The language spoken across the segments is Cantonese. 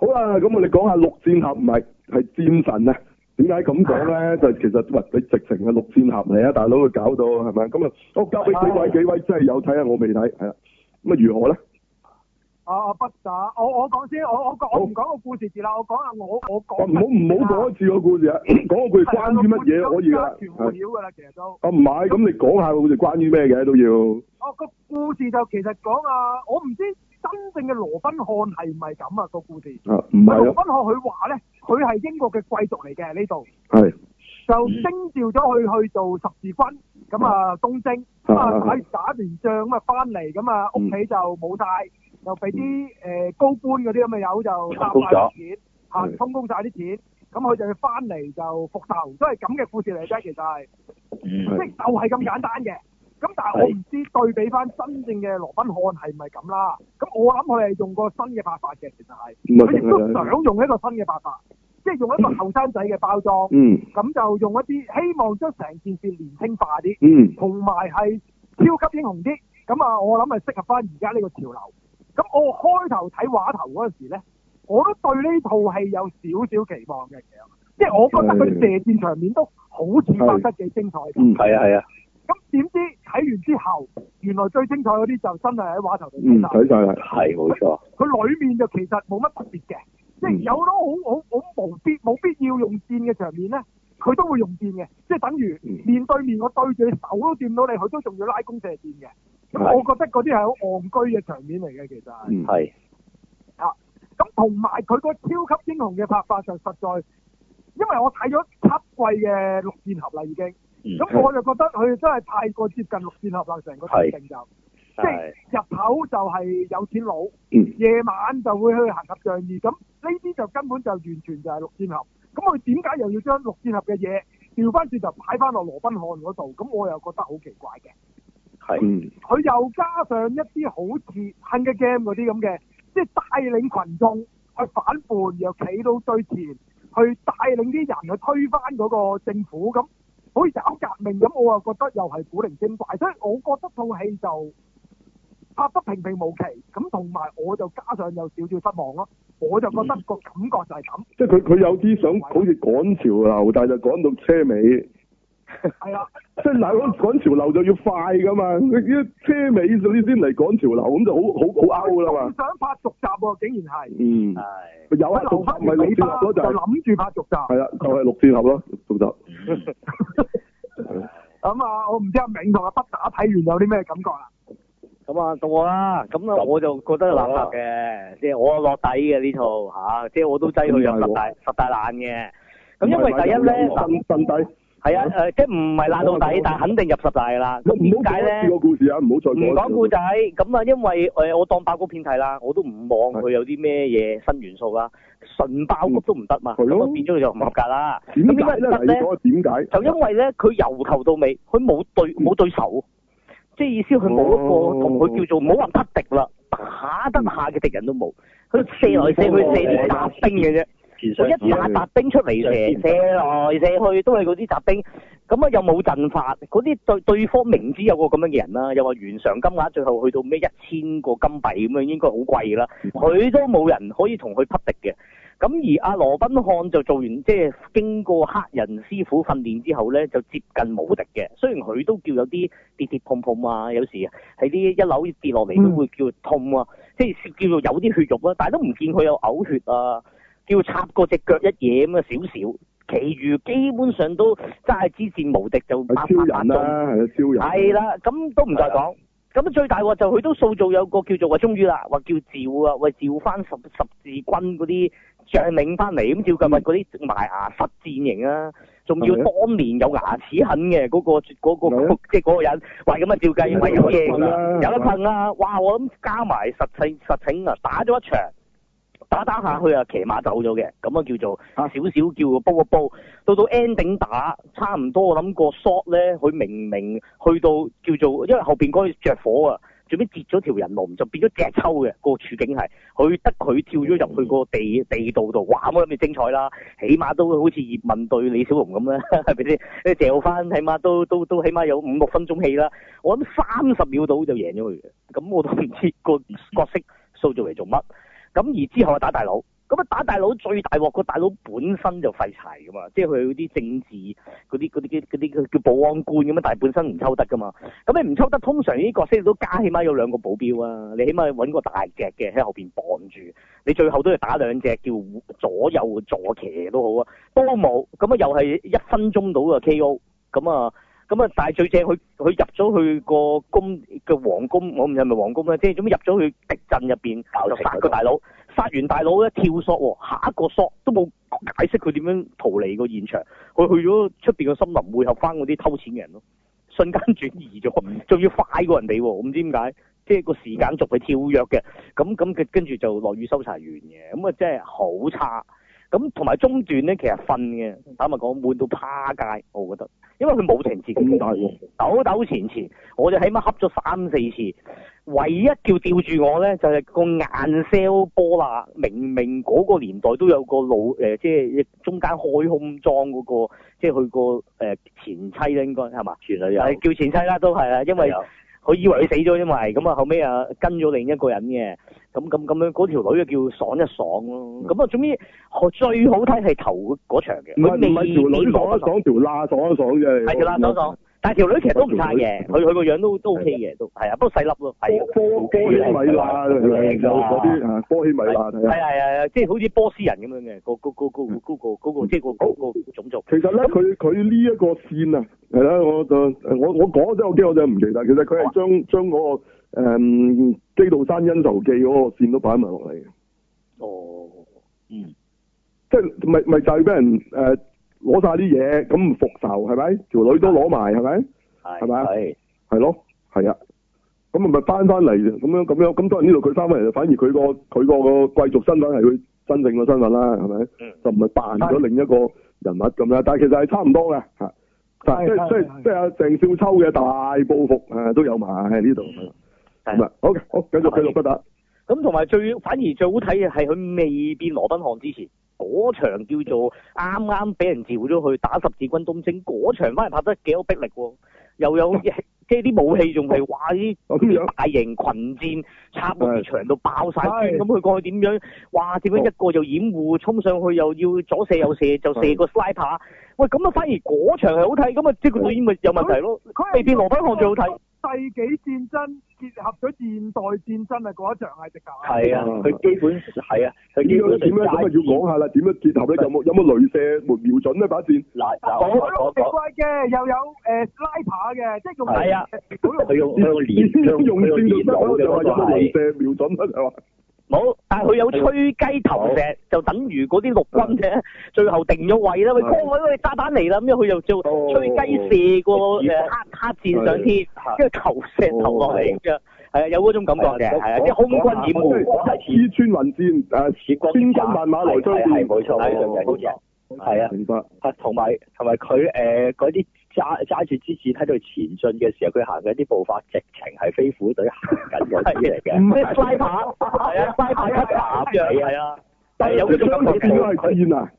好啦，咁我哋講下綠箭俠，唔係係箭神、啊、麼麼呢？點解咁講咧？就其實，喂，佢直情係綠箭俠嚟啊！大佬佢搞到係咪咁啊，我、哦、交俾幾位，幾位真係有睇啊，我未睇，係啦，咁啊，如何咧？啊，不打，我我講先，我我講，我唔講個故事字啦，我講下我我講、啊。唔好唔好講一次個故事啊！講個故事關於乜嘢可以噶？啦、啊那個，其實都。啊，唔係，咁你講下個故事關於咩嘅都要。哦、啊，那個故事就其實講啊，我唔知。真正嘅羅賓漢係唔係咁啊個故事？啊，唔係啊！羅賓漢佢話咧，佢係英國嘅貴族嚟嘅呢度，係就徵召咗佢去做十字軍，咁啊東征，咁啊打完仗咁啊翻嚟，咁啊屋企就冇曬，就俾啲誒高官嗰啲咁嘅友就收曬啲錢，嚇充公曬啲錢，咁佢就要翻嚟就復仇，都係咁嘅故事嚟啫，其實係即就係咁簡單嘅。咁、嗯、但係我唔知對比翻真正嘅羅賓漢係唔係咁啦。咁我諗佢係用個新嘅辦法嘅，其實係佢亦都想用一個新嘅辦法，即係用一個後生仔嘅包裝。嗯，咁就用一啲希望將成件事年輕化啲。嗯，同埋係超級英雄啲。咁啊，我諗係適合翻而家呢個潮流。咁我開頭睇話頭嗰時咧，我都對呢套戲有少少期望嘅，即係我覺得佢射箭場面都好似拍得幾精彩。嗯，係啊，係啊。咁點知睇完之後，原來最精彩嗰啲就真係喺畫頭度。嗯，取材係冇錯。佢裏面就其實冇乜特別嘅、嗯，即係有好好好好無必冇必要用箭嘅場面咧，佢都會用箭嘅，即係等於面對面我對住、嗯、手都掂到你，佢都仲要拉弓射箭嘅。咁我覺得嗰啲係好戇居嘅場面嚟嘅，其實係。嗯，咁同埋佢個超級英雄嘅拍法上，實在因為我睇咗七季嘅《綠箭俠》啦，已經。咁、嗯、我就覺得佢真係太過接近綠箭俠啦，成個特型就即係日頭就係有錢佬，夜、嗯、晚就會去行俠仗義。咁呢啲就根本就完全就係綠箭俠。咁佢點解又要將綠箭俠嘅嘢調翻轉，就擺翻落羅賓漢嗰度？咁我又覺得好奇怪嘅。係，佢又加上一啲好似《Hunger Game》嗰啲咁嘅，即係帶領群眾去反叛，又企到最前去帶領啲人去推翻嗰個政府咁。好似搞革命咁，我又覺得又係古靈精怪，所以我覺得套戲就拍得平平無奇，咁同埋我就加上有少少失望咯，我就覺得個感覺就係咁、嗯。即係佢佢有啲想好似趕潮流，但係就趕到車尾。係啊，即係嗱，趕潮流就要快噶嘛，要車尾呢啲嚟趕潮流，咁就好好好 out 噶啦嘛。想拍續集喎、啊，竟然係，嗯，係、哎，有一、啊、就唔係你拍嗰就係諗住拍續集，係、嗯、啦，就係、是、六卷合咯，續 集戰俱。咁 是啊， 嗯、我唔知阿銘同阿不打睇完有啲咩感覺啦。咁、嗯、啊，到我啦，咁啊，我就覺得垃圾嘅，即係我落底嘅呢套吓，即係我都擠到入十大十大爛嘅。咁、啊、因為第一咧，十十大。嗯係啊，誒、嗯呃，即係唔係爛到底，但係肯定入十大噶啦。咁點解咧？講故事啊，唔好再講。唔講故仔，咁啊，因為誒、呃，我當爆谷片睇啦，我都唔望佢有啲咩嘢新元素啦，純爆谷都唔得嘛，咁、嗯、啊，變咗佢就唔合格啦。點解唔得咧？就因為咧，佢由頭到尾，佢冇對冇、嗯、對手，即、嗯、係意思佢冇一個同佢叫做唔好話匹敵啦，打得下嘅敵人都冇，佢射來射去射年、嗯嗯、打兵嘅啫。一打紮兵出嚟射射落射去，都係嗰啲雜兵，咁啊又冇陣法，嗰啲對對方明知有個咁樣嘅人啦，又話懸賞金額最後去到咩一千個金幣咁樣，應該好貴啦，佢都冇人可以同佢匹敵嘅。咁而阿羅賓漢就做完即係、就是、經過黑人師傅訓練之後咧，就接近無敵嘅。雖然佢都叫有啲跌跌碰碰啊，有時喺啲一,一樓跌落嚟都會叫痛啊，嗯、即係叫做有啲血肉啊，但係都唔見佢有嘔血啊。要插過隻腳一嘢咁啊少少，其餘基本上都真係知戰無敵就百百超人啦、啊，係超人係、啊、啦，咁都唔再講。咁最大鑊就佢都塑造有個叫做話終於啦，話叫趙啊，喂趙翻十十字軍嗰啲將領翻嚟咁，照計咪嗰啲埋牙實戰型啊，仲要當年有牙齒痕嘅嗰、嗰個嗰、嗰個即係嗰個人，喂咁啊照計咪有嘢有得噴啊，哇我諗加埋實，實情實情啊，打咗一場。打打下去啊，騎馬走咗嘅，咁啊叫做少少叫煲一煲。到到 ending 打差唔多我，我諗個 shot 咧，佢明明去到叫做，因為後邊嗰陣着火啊，最尾跌咗條人龍，就變咗隻抽嘅個處境係，佢得佢跳咗入去個地地道度，哇！我諗咁精彩啦，起碼都好似葉問對李小龍咁啦，係咪先？掉翻，起碼都都都起碼有五六分鐘戲啦。我諗三十秒到就贏咗佢，咁我都唔知個角色塑造嚟做乜。 咁而之後啊打大佬，咁啊打大佬最大鑊，個大佬本身就廢柴噶嘛，即係佢啲政治嗰啲嗰啲嗰啲叫保安官咁啊，但係本身唔抽得噶嘛。咁你唔抽得，通常呢啲角色都加起碼有兩個保鏢啊，你起碼搵個大隻嘅喺後面綁住，你最後都要打兩隻叫左右左騎都好啊，都冇，咁啊又係一分鐘到嘅 K.O. 咁啊。咁啊！但係最正，佢佢入咗去個宮嘅皇宮，我唔知係咪皇宮啦，即係總之入咗去敵陣入面，就殺個大佬，殺完大佬咧跳索，下一個索都冇解釋佢點樣逃離個現場。佢去咗出面個森林，會合翻嗰啲偷錢嘅人咯。瞬間轉移咗，仲要快過人哋喎！唔知點解，即係個時間軸係跳躍嘅。咁咁佢跟住就落雨搜查完嘅，咁啊真係好差。咁同埋中段咧，其實瞓嘅、嗯，坦白講悶到趴街，我覺得，因為佢冇停字嘅，抖、嗯、抖前前，我就起碼恰咗三四次，唯一叫吊住我咧就係、是、個硬 sell 波啦，明明嗰個年代都有個老、呃、即係中間開空裝嗰、那個，即係佢個呃、前妻啦，應該係嘛？全女友叫前妻啦，都係啦，因為佢以為佢死咗、嗯，因為咁啊，後尾啊跟咗另一個人嘅。咁咁咁樣嗰條女嘅叫爽一爽咯，咁、嗯、啊，總之好最好睇係頭嗰場嘅。唔係唔係條女爽一爽，條乸爽一爽嘅，係條乸爽一爽。但係條女其實都唔差嘅，佢佢個樣都都 OK 嘅，都係啊，不過細粒咯，波波米拉波希米拉，係嗰啲波希米拉係啊，係係係，即係好似波斯人咁樣嘅，個個個個個個即係個個種族。嗯、其實咧，佢佢呢一個線啊，係啦，我就我我講咗好啲，我就唔記得。其實佢係將將嗰、嗰個、嗯、《基道山恩仇記》嗰個線都擺埋落嚟。哦，嗯，即係咪咪就係俾人誒？呃攞晒啲嘢，咁唔復仇係咪？條女都攞埋係咪？係係咪？係係咯，係啊。咁唔咪翻翻嚟，咁樣咁樣，咁當然呢度佢翻翻嚟，反而佢個佢個個貴族身份係佢真正嘅身份啦，係咪？嗯。就唔係扮咗另一個人物咁樣，但係其實係差唔多嘅，吓。即係即係即係阿鄭少秋嘅大報復啊，都有埋喺呢度。咁啊，好嘅，好，繼續繼續不打。咁同埋最反而最好睇嘅，係佢未變羅賓漢之前。嗰場叫做啱啱俾人召咗去打十字軍東征，嗰場反而拍得幾好逼力喎，又有 即係啲武器仲係話啲大型群戰插嗰啲牆度爆晒煙，咁佢過去點樣？哇點樣一個就掩護衝上去又要左射右射就射個 slipper，喂咁啊反而嗰場係好睇，咁啊即係個導演咪有問題咯， 未必羅賓漢最好睇。世紀戰爭結合咗現代戰爭那一場是是是啊，嗰一場係直頭係。 啊，佢基本係啊。呢點咧，咁啊要講下啦。點樣結合咧？ 有冇有冇鐳射門瞄準咧？反戰嗱，有啊，有激光嘅，又有誒拉 l 嘅，即係用。係啊。佢用佢用佢用佢用鐳射瞄準、 那個呃、啊！就、呃、話。 冇，但係佢有吹雞投石，就等於嗰啲陸軍嘅最後定咗位啦，喂，各位，喂，沙丹嚟啦，咁樣佢就叫吹雞射過誒，黑戰箭上天，跟住投石投落嚟，咁樣係啊，有嗰種感覺嘅，係啊，啲空軍演武，穿雲箭，誒，穿雲箭千軍萬馬嚟都唔係冇錯，係、哦、啊，係啊，啊，同埋同埋佢誒，嗰啲。揸揸住支箭喺度前進嘅時候，佢行嘅啲步伐，直情係飛虎隊行緊啲嚟嘅。唔係快跑，係 啊，快跑一樣，係啊，但係有嗰種感覺，佢佢啊，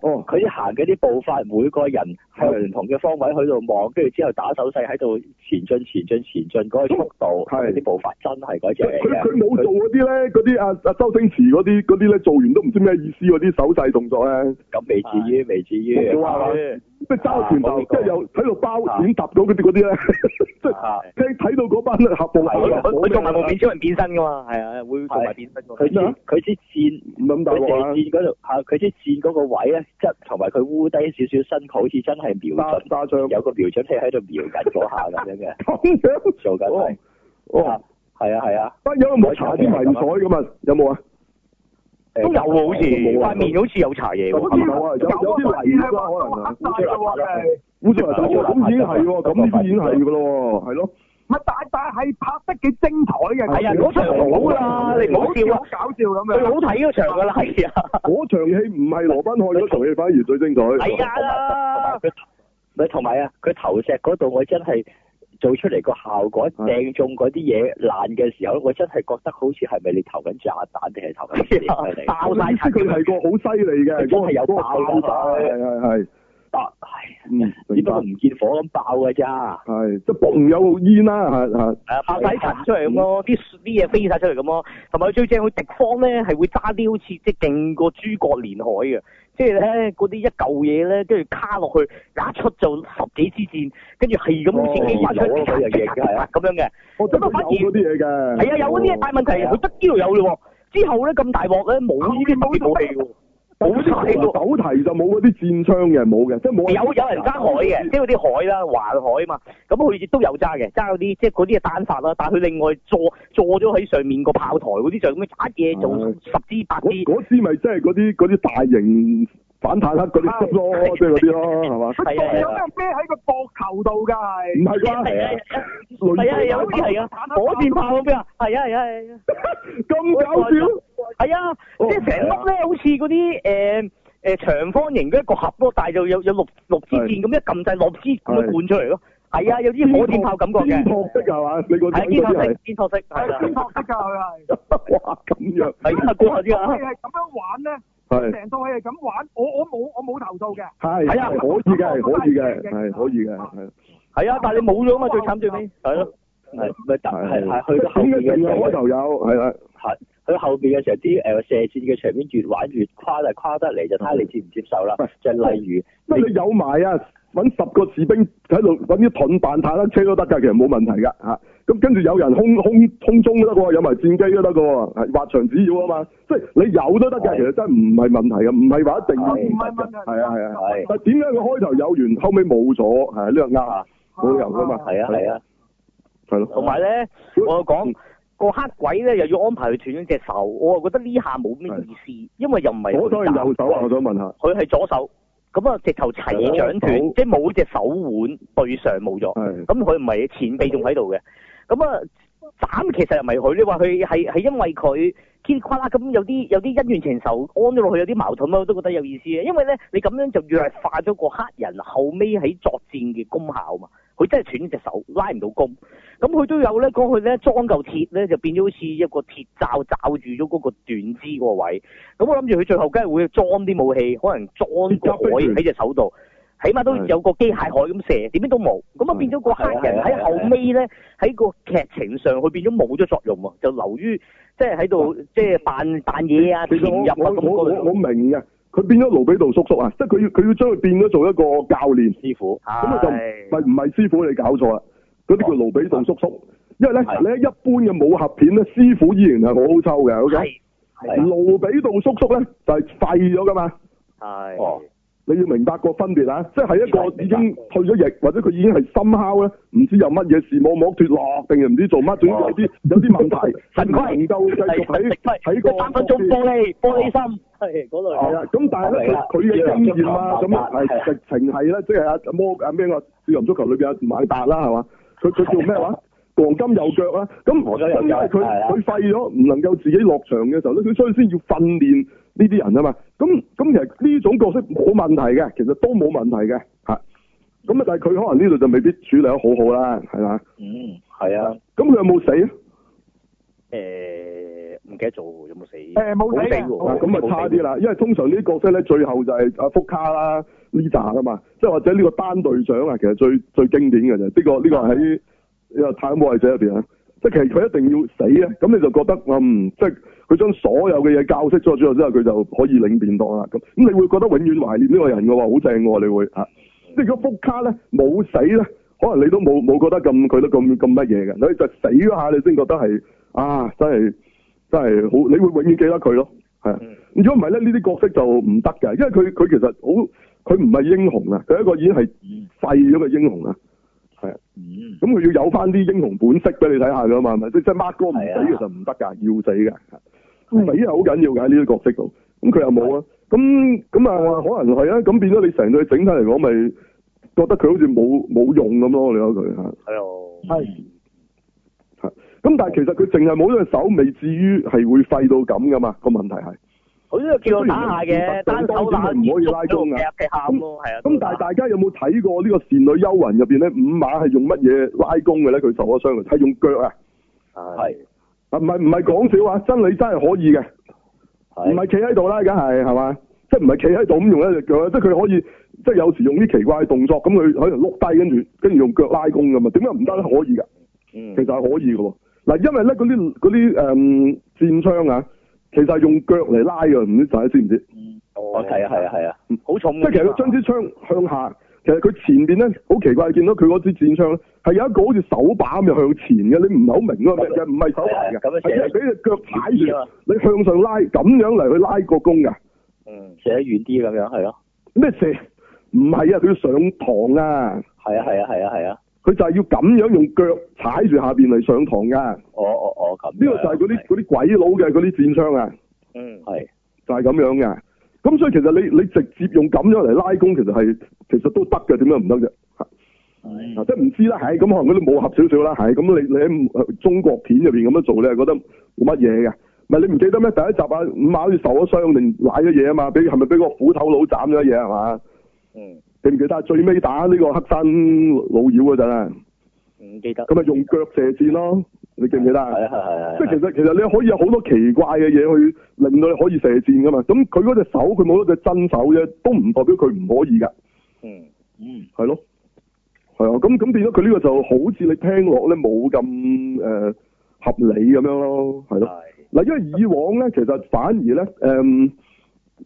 哦，佢行嘅啲步伐，每個人。係唔 同嘅方位喺度望，跟住之後打手勢喺度前進、前進、前進，嗰個速度、嗰啲、嗰個、步伐真係嗰隻。佢冇做嗰啲咧，嗰啲阿阿周星馳嗰啲嗰啲咧，做完都唔知咩意思嗰啲手勢動作咧。咁未至於，未至於。即係揸拳頭，即係、啊、又喺度包拳揼嗰啲嗰啲咧。即係聽睇到嗰班都係合到，嚟嘅、啊。佢仲埋變超人變身㗎嘛？係啊，會仲埋變身。佢啲佢啲箭唔係咁大喎。佢啲箭嗰度，佢啲箭嗰個位咧，即係同埋佢污低少少身軀，好似真係。啊係瞄準，揸槍，有個瞄準器喺度瞄緊咗下咁 樣嘅，咁樣做緊係，係啊係啊，乜、啊啊、有冇搽啲迷彩咁嘛。有冇啊？都有喎，好似塊面好似有搽嘢喎，好似有啊，有啲迷彩可能啊，烏色啊，烏咁已經係喎，咁已經係噶咯喎，係咯。唔係，但但係拍得幾精彩嘅。係、哎、呀！嗰場好啦，你唔好笑、啊、笑，好搞笑咁樣。佢好睇嗰場㗎啦。係呀！嗰場戲唔係羅賓漢， 場賓 你同佢反而最精彩。係、哎、呀啦！唔係同埋呀！佢、啊、投石嗰度，我真係做出嚟個效果，掟中嗰啲嘢爛嘅時候，我真係覺得好似係咪你投緊炸彈定係投緊啲嘢嚟？我意思佢係個好犀利嘅，真係有爆、那個那個、炸。係係係。爆只不過唔見火咁爆嘅咋、啊，係即係唔有煙啦吓吓，誒炮出嚟咁咯，啲啲嘢飛晒出嚟咁咯，同埋最正佢敵方咧係會揸啲好似即係勁過諸葛連海嘅，即係咧嗰啲一舊嘢咧跟住卡落去，一出就十幾支箭，跟住係咁似飛出嚟，咔咔咁樣嘅，咁、哦、都反而係、哦、啊有嗰啲嘢，但係問題佢得呢度有咯，之後咧咁大鑊咧冇呢啲武器冇啲，手提就冇嗰啲戰槍嘅，冇嘅，即係冇。有有人揸海嘅，即係嗰啲海啦，環海啊嘛。咁佢亦都有揸嘅，揸嗰啲即係嗰啲係單發啦。但係佢另外坐坐咗喺上面個炮台嗰啲就咁樣揸嘢，做十支八支。嗰支咪即係啲嗰啲大型。反坦克嗰啲咯，即係嗰啲咯，係嘛？係啊，佢啲嘢喺個膊頭度噶，唔係噶，係啊，啊，有啲係啊，啊，啊，啊，反坦克咩啊，係啊，係啊，係啊，咁搞笑！係、哦、啊，即係成碌咧，好似嗰啲誒誒長方形嘅一個盒，不過大就有有六六支箭咁、啊、一撳掣六支咁樣灌出嚟咯。係啊，啊，有啲火箭炮感覺嘅。磚托色係嘛？係啊，磚托色，磚托色，磚托色噶佢哇，咁樣係啊，啊。係咁樣玩咧。係成套戲係咁玩，我我冇我冇投訴嘅。係、啊，係啊，可以嘅，可以嘅，係可以嘅，係、啊。係啊，但係你冇咗嘛最慘最尾。係咯。係咪但係係去到後邊嘅開頭有。係啊，係去到後邊嘅時候啲誒射箭嘅場面越玩越誇張，啊、跨得嚟，就睇下你接唔接受啦、啊。就例如，乜、啊、你有埋啊？搵十個士兵喺度搵啲盾扮坦克車都得噶，其實冇問題噶吓。咁、啊、跟住有人空空空中都得㗎，有埋戰機都得㗎，係劃長紙要啊嘛。即係你有都得㗎，其實真唔係問題㗎，唔係話一定要。係啊係啊係。但係點解佢開頭有完後尾冇咗？係呢個呃啊，冇油㗎嘛，題啊，係啊。係咯。同埋咧，我講個、嗯、黑鬼咧又要安排佢斷咗隻手，我覺得呢下冇咩意思，因為又唔係。我當然右手啊，我想問下。佢係左手。咁啊，直頭齊掌斷，即係冇隻手腕對上冇咗。咁佢唔係前臂仲喺度嘅。咁啊，斬其實又唔係佢，你話佢係係因為佢嘰里呱啦咁有啲有啲恩怨情仇安咗落去，有啲矛盾啊，我都覺得有意思啊。因為咧，你咁樣就弱化咗個黑人後尾喺作戰嘅功效嘛。佢真係斷咗隻手，拉唔到弓。咁佢都有咧，講佢咧裝嚿鐵咧，就變咗好似一個鐵罩罩住咗嗰個斷肢個位。咁我諗住佢最後梗係會裝啲武器，可能裝個海喺隻手度，起碼都有個機械海咁射。點樣都冇，咁啊變咗個黑人喺後尾咧，喺個劇情上佢變咗冇咗作用喎，就留於即係喺度即係扮扮嘢啊，填入啊咁嗰我，我，我，我明呀。佢變咗盧比道叔叔啊，即係佢要佢要將佢變咗做一個教練師傅，咁啊就咪唔係師傅你搞錯啦，嗰啲叫盧比道叔叔，因為咧你喺一般嘅武俠片咧，師傅依然係好抽嘅，好嘅，係，盧比道叔叔咧就係、是、廢咗噶嘛，係，哦。你要明白個分別啊，即係一個已經退咗役，或者佢已經係深烤咧，唔知有乜嘢事，冇冇脫落定唔知做乜，總之有啲有啲問題，唔夠繼續喺喺嗰三分鐘玻璃玻璃心，係嗰類。係啦，咁但係咧，佢佢嘅經驗啊，咁係直情係咧，即係阿魔阿咩啊，少林足球裏邊阿麥達啦，係嘛、啊，佢佢叫咩話？黃金右腳啊，咁，因為佢佢廢咗，唔、嗯、能夠自己落場嘅時候咧，佢所以先要訓練呢啲人啊嘛。咁咁其實呢種角色冇問題嘅，其實都冇問題嘅，吓。咁啊，但係佢可能呢度就未必處理得好好啦，係啦。嗯，係啊。咁佢有冇死？誒、欸，唔記得做有冇死。誒、欸，冇死啊，咁、哦、啊、哦、差啲啦。因為通常呢啲角色咧，最後就係阿福卡啦呢扎啊嘛，即係或者呢個單隊長啊，其實最最經典嘅就呢個呢、呢個喺。又《泰坦波者》入邊啊，即係其實佢一定要死咧，咁你就覺得嗯，即係佢將所有嘅嘢教識咗之後之後，佢就可以領便當啦。咁咁你會覺得永遠懷念呢個人嘅話，好正嘅你會吓。即、啊、係如果福卡咧冇死咧，可能你都冇冇覺得咁佢都咁咁乜嘢嘅。所以就死咗下你先覺得係啊，真係真係好，你會永遠記得佢咯。係如果唔係咧，呢啲角色就唔得嘅，因為佢佢其實好，佢唔係英雄啊，佢一個已經係廢咗嘅英雄啊。係、嗯，咁佢要有翻啲英雄本色俾你睇下噶嘛，係咪？即係 mark 哥唔死其實唔得噶，要死噶，咁、嗯、死係好緊要噶呢啲角色度，咁佢又冇啊，咁咁啊可能係啊，咁變咗你成隊整體嚟講，咪覺得佢好似冇冇用咁咯？你話佢啊？係、嗯，係，係，咁但係其實佢淨係冇咗隻隻手，未至於係會廢到咁噶嘛？那個問題係。好，就叫佢打下嘅，單手打，唔可以拉弓咯，係啊。咁但係大家有冇睇過呢個《倩女幽魂》入邊咧？五馬係用乜嘢拉弓嘅咧？佢受咗傷，係用腳啊。係啊，唔係唔係講笑啊！真理真係可以嘅，唔係企喺度拉，梗係係嘛？即係唔係企喺度咁用一隻腳即係佢可以，即係有時用啲奇怪嘅動作，咁佢喺度碌低，跟住跟住用腳拉弓㗎嘛，點解唔得咧？可以㗎。嗯。其實係可以㗎喎。嗱，因為咧嗰啲嗰啲誒箭槍啊。其實係用腳嚟拉嘅，唔知仔知唔知？哦、嗯，我、嗯、啊，係、嗯、啊，係、嗯、啊，好、嗯、重、嗯。即係其實將支槍向下，其實佢前邊咧，好奇怪，見到佢嗰支箭槍咧，係有一個好似手把咁樣向前嘅，你唔係好明啊，其實唔係手把嚟嘅，係俾隻腳踩住，你向上拉，咁樣嚟去拉個弓噶。嗯，射得遠啲咁樣係咯。咩、啊、射？唔係啊，佢要上膛啊。係、嗯、啊，係啊，係啊，係啊。佢就係要咁樣用腳踩住下邊嚟上堂噶。哦哦哦，咁，哦，呢個就係嗰啲啲鬼佬嘅嗰啲戰傷啊。嗯，係就係咁樣嘅。咁所以其實你你直接用咁樣嚟拉弓，其實係其實都得嘅。點解唔得啫？即係唔知啦。係咁可能嗰啲武俠少少啦。係咁，你你喺中國片入邊咁樣做，你係覺得冇乜嘢嘅。唔係你唔記得咩？第一集啊，五馬好似受咗傷，定攋咗嘢啊嘛？俾係咪俾個斧頭佬斬咗嘢係嘛？嗯。記唔記得最尾打呢個黑山老妖嗰陣啊，唔記得。咁咪用腳射箭咯。記得。你記唔記得啊？係係係啊。即係其實其實你可以有好多奇怪嘅嘢去令到你可以射箭噶嘛。咁佢嗰隻手佢冇咗隻真手啫，都唔代表佢唔可以噶。嗯嗯。係咯，係啊。咁咁變咗佢呢個就好似你聽落咧冇咁誒合理咁樣咯，係咯。嗱，因為以往咧，其實反而咧，誒、嗯。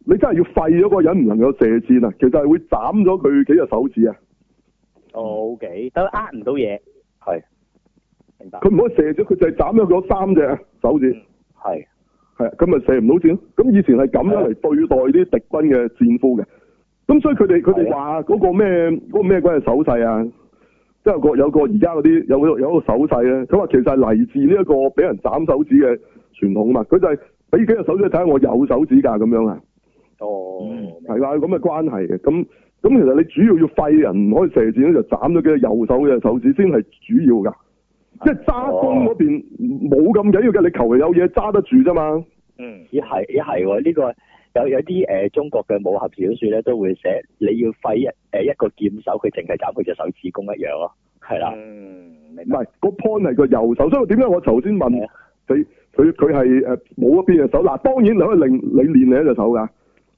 你真係要廢咗個人唔能夠射箭啊！其實係會斬咗佢幾隻手指啊！O K，都呃唔到嘢，係明白。佢唔可以射咗，佢就係斬咗佢三隻手指。係係咁咪射唔到箭，咁以前係咁樣嚟，對待啲敵軍嘅戰俘嘅。咁、啊、所以佢哋佢哋話嗰個咩嗰個咩鬼嘅手勢啊，即、那、係個、啊就是、有個而家嗰啲有個有有個手勢咧。佢話其實係嚟自呢一個俾人斬手指嘅傳統啊嘛。佢就係俾幾隻手指睇下我有手指噶咁樣啊！哦，係啦，咁嘅關係嘅，咁咁其實你主要要廢人唔可以射箭咧，就斬咗佢右手嘅手指先係主要噶，即係揸弓嗰邊冇咁緊要嘅，你求其有嘢揸得住啫嘛。嗯，亦係亦係喎，呢、欸這個有有啲誒、呃、中國嘅武俠小說咧都會寫，你要廢一誒一個劍手，佢淨係斬佢隻手指公一樣咯，係啦。嗯，唔係個 point 係個右手，所以我點解我頭先問佢佢佢係誒冇一邊隻手，嗱當然你可以另你練另一隻手噶。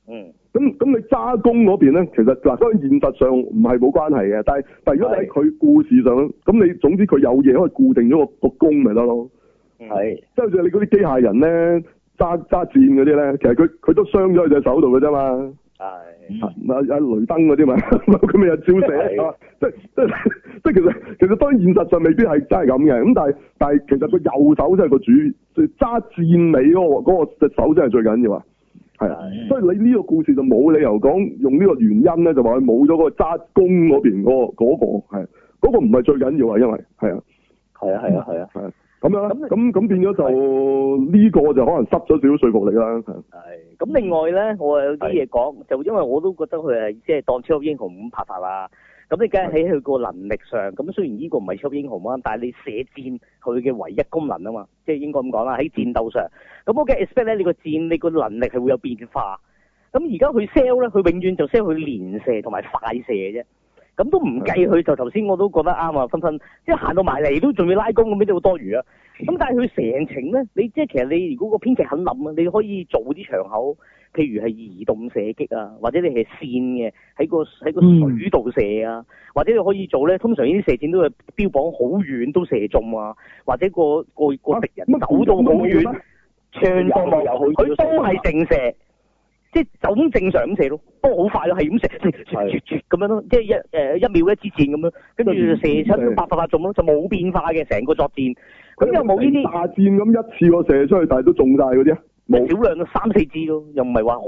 嗯，咁、嗯、咁你揸弓嗰邊咧，其實嗱，雖然現實上唔係冇關係嘅，但係但係如果你喺佢故事上，咁你總之佢有嘢可以固定咗個個弓咪得咯。係，即係好似你嗰啲機械人咧揸揸箭嗰啲咧，其實佢佢都傷咗佢隻手度嘅啫嘛。係，啊、嗯、啊雷登嗰啲嘛，佢咪又照死啊！即即即其實其實當然現實上未必係真係咁嘅，咁但係但係其實個右手真係個主揸箭尾嗰嗰、那個隻、那個、手真係最緊要啊。係、啊，所以你呢個故事就冇理由講用呢個原因咧，就話佢冇咗個揸工嗰邊嗰嗰個係，嗰、啊嗰個唔係最緊要啊，因為係啊，係啊係啊係啊，咁、啊啊啊啊啊、樣咁咁變咗就呢、啊個就可能濕咗少少說服力啦。係、啊，咁、啊、另外咧，我有啲嘢講，就因為我都覺得佢係即係當超級英雄咁拍法啦。咁你梗係喺佢個能力上，咁雖然呢個唔係超英雄啊，但係你射箭佢嘅唯一功能啊嘛，即係應該咁講啦，喺戰鬥上。咁我梗係 expect 咧，你個戰你個能力係會有變化。咁而家佢 sell 咧，佢永遠就 sell 佢連射同埋快射啫。咁都唔計佢，就頭先我都覺得啱啊，分分即係行到埋嚟都仲要拉弓咁樣就好多餘啊。咁但係佢成程咧，你即係其實你如果個編劇肯諗啊，你可以做啲場口。譬如係移動射擊啊，或者你係線嘅喺個喺個水度射啊，嗯、或者你可以做咧。通常呢啲射箭都會標榜好遠都射中啊，或者個個個敵人走到好遠，全部冇，佢都係正射，啊、即係就咁正常咁射咯，不過好快咯，係咁射，絕絕絕咁樣咯，即係一誒一秒一支箭咁樣，跟住射出百發百中咯，就冇變化嘅成個作戰。咁有冇呢啲大戰咁一次我射出去，但係都中晒嗰啲啊。冇少量三四支咯，又唔係話好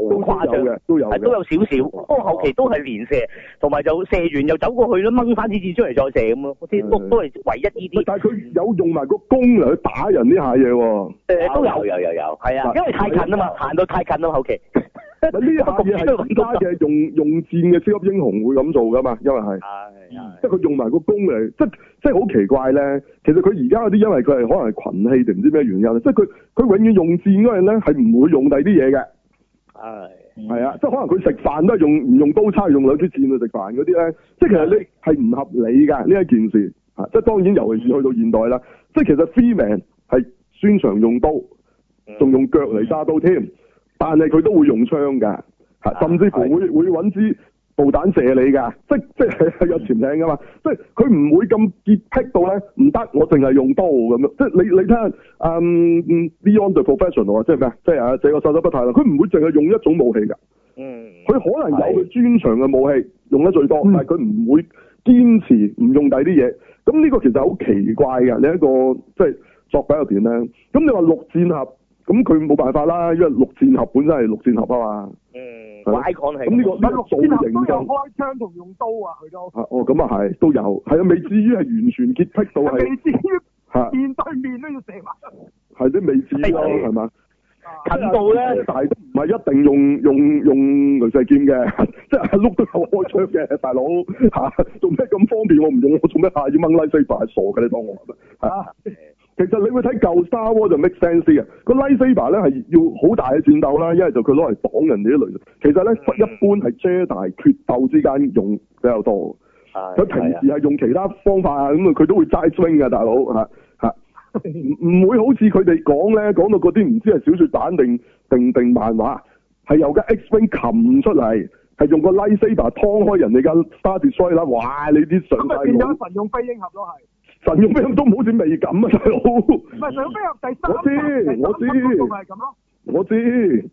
誇張，都有，都有少少。不過後期都係連射，同、啊、埋就射完又走過去都掹翻支箭出嚟再射咁咯。即都都係唯一呢啲。但係佢有用埋個弓嚟去打人呢下嘢喎。誒、呃，都有有有有，係啊，因為太近啊嘛，行到太近啦後期。呢一咁係其他用用箭嘅超級英雄會咁做噶嘛，因為係。啊即係佢用埋個弓嚟，即係即係好奇怪咧。其實佢而家嗰啲，因為佢係可能係群戲，定唔知咩原因，即係佢佢永遠用箭嗰陣咧係唔會用第啲嘢嘅。係係啊，即係可能佢食飯都係用唔用刀叉，用兩支箭去食飯嗰啲咧。即係其實你係唔合理噶呢一件事。吓，即係當然，尤其是去到現代啦。 即係其實西方係擅長用刀，仲 用腳嚟揸刀添， 但係佢都會用槍噶吓，甚至乎會 會揾支。步彈射你噶，即即係係有潛艇噶嘛，嗯、即係佢唔會咁潔癖到咧，唔得我淨係用刀咁樣，即係你你聽下，嗯 Leon 對 Professional 話即係咩，即係啊這個殺手不太冷，佢唔會淨係用一種武器噶，嗯，佢可能有佢專長嘅武器用得最多，嗯、但係佢唔會堅持唔用第啲嘢，咁呢個其實好奇怪㗎。你、這、一個即係作品入邊咧，咁你話六戰俠。咁佢冇辦法啦，因為綠箭俠本身係綠箭俠啊嘛。嗯。拉抗咁呢個型。咩造型就？開槍同用刀啊，佢、啊、都。哦，咁啊係，都有，係啊，未至於係完全潔癖到係。未至於。面對面都要成埋係都未至於，係、啊、嘛？近到咧，但係都唔係一定用用用，用雷射劍嘅，即係碌都有開槍嘅大佬嚇，做咩咁方便我唔用？我做咩下要掹拉西巴？傻㗎，你當我啊？其實你會睇舊 Star Wars 就 make sense 嘅，個 lightsaber 咧係要好大嘅戰鬥啦，因為就佢攞嚟擋人哋啲雷。其實咧、嗯、一般係 Jedi 決鬥之間用比較多。佢、哎、平時係用其他方法咁，佢都會齋 swing 嘅大佬吓吓，唔、哎啊啊、會好似佢哋講咧，講到嗰啲唔知係小說版定定定漫畫，係由個 X wing 琴出嚟，係用個 lightsaber 劏開人哋架 Star Destroyer 啦，哇！你啲上帝佬。是是用飛鷹俠咯，係。神用咩咁多？唔好似未咁啊，大佬。唔係，神用第三。我知，我知。咁咯。我知。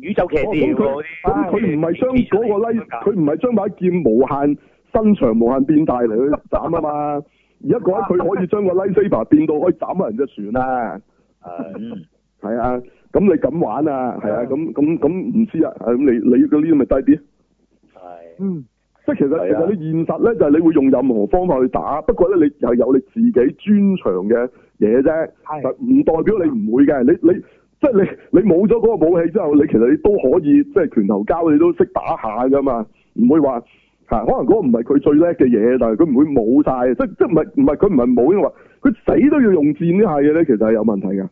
宇宙騎士佢唔係將嗰個 light 佢唔係將把劍無限伸長、無限變大嚟去斬啊嘛。 而一個咧，佢可以將個 light saber 變到可以斬人隻船啦。係。係啊，咁、嗯 啊、你敢玩啊？係啊，咁咁咁唔知啊。咁，你你嗰啲咪低啲。係。嗯。即係其實其實你現實咧，就係你會用任何方法去打，不過咧你又係有你自己專長嘅嘢啫，係唔代表你唔會嘅。你你即係、就是、你你冇咗嗰個武器之後，你其實你都可以即係、就是、拳頭交，你都識打下噶嘛，唔會話吓。可能嗰個唔係佢最叻嘅嘢，但係佢唔會冇晒。即即係唔係唔係佢唔係冇，因為佢死都要用箭呢下嘢咧，其實係有問題噶。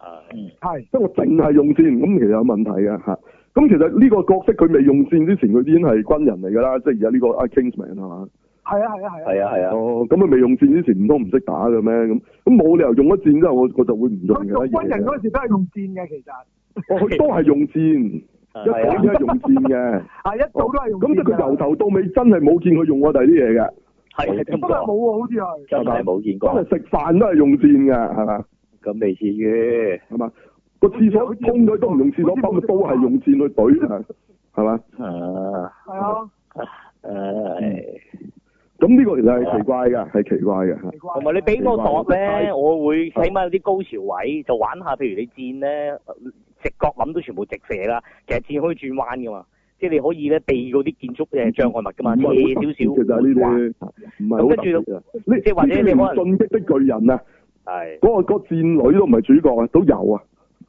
係、uh, 即係我淨係用箭，咁、uh, 其實有問題嘅吓。咁其實呢個角色佢未用箭之前，佢已經係軍人嚟㗎啦，即係而家呢個 Kingsman 啊嘛。係啊係啊係啊。係啊係啊，啊，啊。哦，咁佢未用箭之前都唔識打嘅咩？咁咁冇理由用咗箭之後，我我就會唔用㗎。用軍人嗰時都係用箭嘅，其實。哦，佢都係用箭， 一早都係用箭嘅。係、啊嗯、 一早都係用咁即係佢由頭到尾真係冇見佢用過第啲嘢嘅。係，真係冇喎，好似係。真係冇見過。因係食飯都係用箭㗎，係嘛？咁未至嘅，係嘛？個廁所通咗都唔用廁所，把個刀係用箭去懟，係嘛？係、uh, uh, 嗯 uh, 啊，咁呢個其實係奇怪噶，係奇怪噶。同埋你俾我度咧、啊，我會起碼有啲高潮位就玩下，譬如你箭咧、啊，直角搵都全部直射啦，其實箭可以轉彎噶嘛，即係你可以咧避嗰啲建築嘅障礙物噶嘛，斜少少。其實呢啲咁跟住即係或者你進擊的巨人啊，係嗰、那個、那個箭女都唔係主角啊，都有啊。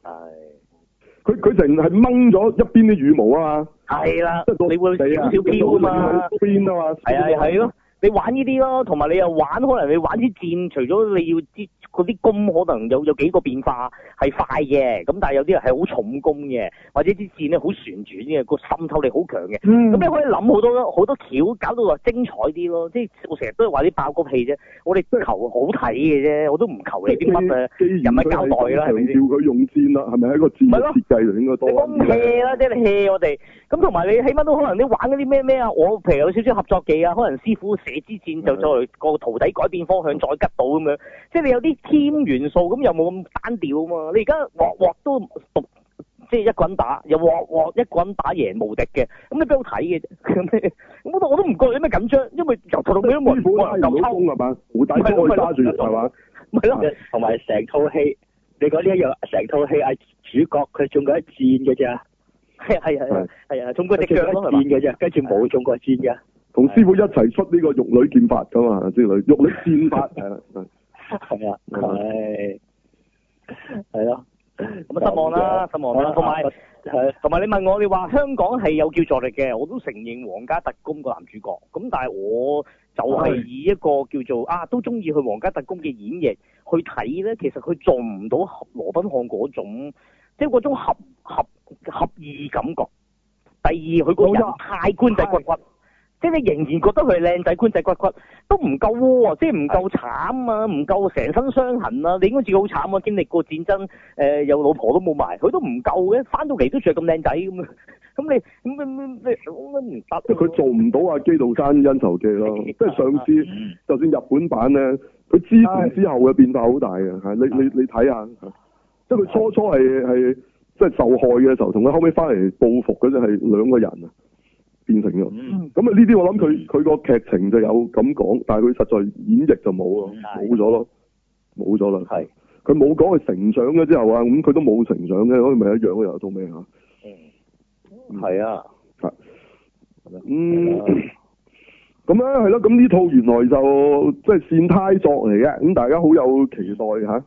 係、哎，佢佢淨係掹咗一邊啲羽毛啊嘛，係啦、啊，即係你會少少邊啊嘛，邊啊嘛，係啊係咯。你玩呢啲咯，同埋你又玩可能你玩啲箭，除咗你要知嗰啲弓可能有有幾個變化係快嘅，咁但係有啲人係好重弓嘅，或者啲箭咧好旋轉嘅，個滲透力好強嘅。咁、嗯、你可以諗好多好多橋，搞到精彩啲咯。即係我成日都係話啲爆谷戲啫，我哋求好睇嘅啫，我都唔求你啲乜啊，人物交代啦叫佢用箭啦，係咪喺個箭嘅設計嚟應多？你 hea 啦，即係 hea 我哋。咁同埋你起碼都可能你玩嗰啲咩咩啊？我譬如有少少合作技啊，可能師傅。幾支箭就再個徒弟改變方向，再急到咁樣，即係你有啲添元素，咁又冇咁單調啊嘛！你而家鑊鑊都獨，即係一個人打，又鑊鑊一個人打贏無敵嘅，咁你邊好睇嘅啫？咁我我都唔覺得有咩緊張，因為由頭到尾都冇鑊，冇抽係嘛，冇打住係嘛，唔係啦，同埋成套戲你講呢一樣，成套戲係主角佢中過一箭嘅啫，係啊係啊係啊，啊，中嗰隻槍箭嘅啫，跟住冇中過箭噶。同師傅一齊出呢個玉女劍法噶嘛？之女玉女劍法係啦，係 啊，係係啊！咁啊失望啦，失望啦。同埋，同埋你問我，你話香港係有叫助力嘅，我都承認《皇家特工》個男主角。咁但係我就係以一個叫做啊，都中意去《皇家特工》嘅演繹去睇咧，其實佢做唔到羅賓漢嗰種，即係嗰種合合合意感覺。第二，佢個人太官仔骨骨。即係你仍然覺得佢係靚仔、官仔、骨骨，都唔夠喎！即係唔夠慘啊，唔夠成身傷痕啊！你應該自己好慘啊，經歷過戰爭，誒、呃、又老婆都冇埋，佢都唔夠嘅，翻到嚟都仲係咁靚仔咁啊！咁你咁你，你，咁唔得。即佢做唔到阿基度山恩仇記咯， 即係上次就算日本版咧，佢知變之後嘅變化好大嘅嚇，你你你睇下，即係佢初初係係即係受害嘅時候，同佢後屘翻嚟報復嗰陣係兩個人啊。變成咯，咁啊，呢啲我諗佢佢個劇情就有咁講，但係佢實在演繹就冇咯，冇咗咯，冇咗啦。係，佢冇講佢成長嘅之後啊，咁佢都冇成長嘅，好似咪一樣啊，又做咩啊。係啊。係、嗯。咁咧係咯，咁呢、嗯嗯、套原來就即係、就是、善胎作嚟嘅，咁大家好有期待吓。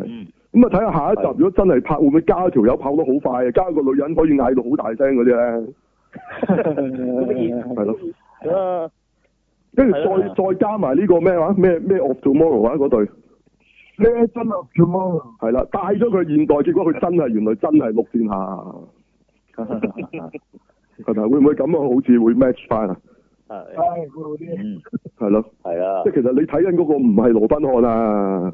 係。咁啊睇下下一集，如果真係拍的會唔會加條友跑得好快，加個女人可以嗌到好大聲嗰啲咧？係 咯，跟住再再加埋呢個咩話咩咩 of tomorrow 啊？嗰、啊、 對咩真 of tomorrow 係啦，帶咗佢現代，結果佢真係原來真係綠箭俠。係 咪 會唔會咁啊？ 哎、好似會 match 翻啊？係嗰啲係咯，係啊。即係其實你睇緊嗰個唔係羅賓漢啊，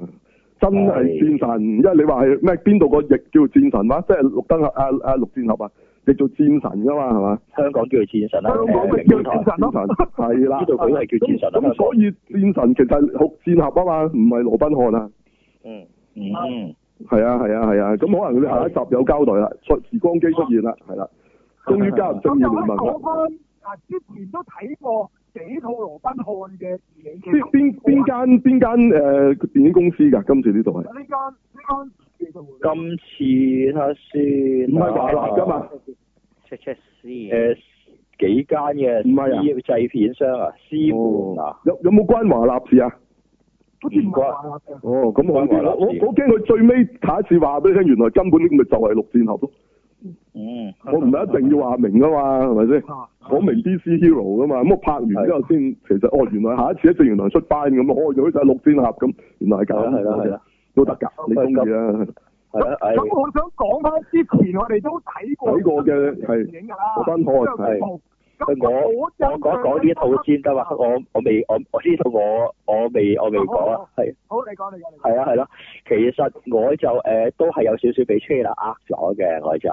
真係箭神。因為你話係咩邊度個譯叫箭神嘛？即係綠燈俠啊啊！綠箭俠啊！啊你做戰神噶嘛，係嘛？香港叫做戰神，香港叫戰神啦、啊，係啦，呢度梗係叫戰神啦、啊。所、呃、以戰，、啊啊啊啊啊啊啊、戰神其實係戰俠啊嘛，唔係羅賓漢啊。嗯嗯，係啊係啊係啊，咁、嗯嗯嗯、可能佢下一集有交代啦，出時光機出現啦，係、啊、啦，終於加入正義聯盟啦。我翻啊之前都睇過幾套羅賓漢嘅電影嘅。邊邊邊間邊間誒電影公司噶？今次呢度係？呢間呢間。嗯嗯嗯嗯今次睇下先，唔係華納噶嘛 check check 先啊。誒幾間嘅，唔係啊，製片商啊。哦，啊、有有冇關華納事啊？唔關。哦，咁我我驚佢最尾下一次話俾你聽，原來根本啲咪就係綠箭俠咯。嗯。我唔係一定要話明噶、啊、嘛，係咪先？我明 DC hero 噶嘛，咁我拍完之後先，其實哦原來下一次咧就原來出班咁啊，可能就係綠箭俠咁，原來係咁。咁係啦，係啦。Okay 都得噶，你中意啦。咁咁、哎，我想講翻之前我哋都睇過睇過嘅係影㗎啦。我我講講講呢套先得嘛。我我,我,說說我,我未我呢套我我未我未講啊。係。好，你講你講係啊，係咯。其實我就誒、呃、都係有少少俾 trailer 呃咗嘅，我就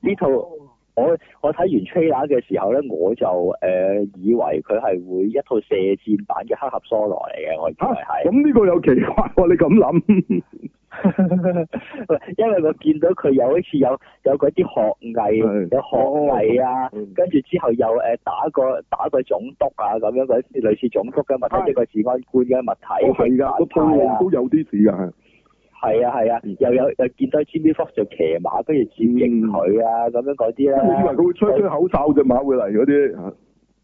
呢套。哦我我睇完 trailer 嘅時候咧，我就誒、呃、以為佢係會一套射箭版嘅黑俠梳羅嚟嘅，我以為係。咁、啊、呢個有奇怪喎，你咁諗？ 因為我見到佢有，有，有一次有有嗰啲學藝，有學藝啊，跟、嗯、住之後又誒、呃、打個打個總督啊咁樣嗰啲類似總督嘅物體，一個治安官嘅物體。係㗎，個配樂都有啲似㗎。係啊，係啊，又有又見到千幾幅就騎馬，跟住戰英雄啊咁、嗯、樣嗰啲啦。我以為佢會吹吹口哨，隻馬會嚟嗰啲，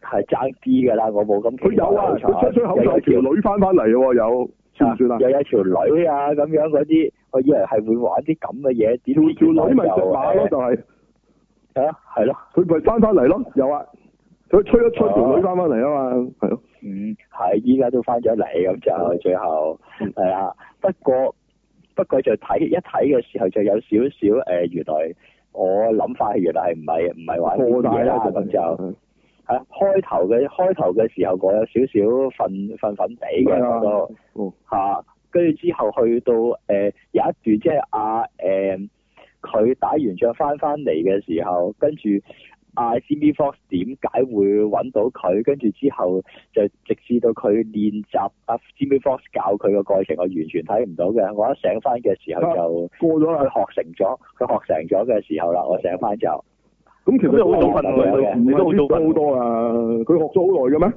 係爭啲噶啦，我冇咁。佢有啊，佢吹吹口哨，有條女翻翻嚟，有算算啦，有有條女啊咁樣嗰啲，我以為係會玩啲咁嘅嘢，點會叫女咪隻馬咯？就係啊，係咯、啊，佢咪翻翻嚟咯，有啊，佢、啊、吹一吹條女翻翻嚟啊嘛、啊。嗯，係、啊，依家都翻咗嚟咁就最後係 啊，不過。不過就睇一睇嘅時候，就有少少誒，原來我諗法原來係唔係唔係話好大啦，咁就係開頭嘅開頭嘅時候，我有少少瞓瞓瞓地嘅好多吓，跟住之後去到誒、呃、有一段即係阿誒佢打完仗翻翻嚟嘅時候，跟住。啊，Jamie Foxx 點解會揾到佢？跟住之後就直至到佢練習，啊，Jamie Foxx 教佢個過程，我完全睇唔到嘅。我一醒翻嘅時候就過咗啦，佢學成咗，佢學成咗嘅時候啦，我醒翻就咁，嗯嗯嗯嗯、其實都好早瞓嘅，你都好早瞓好多啊！佢、啊、學咗好耐嘅咩？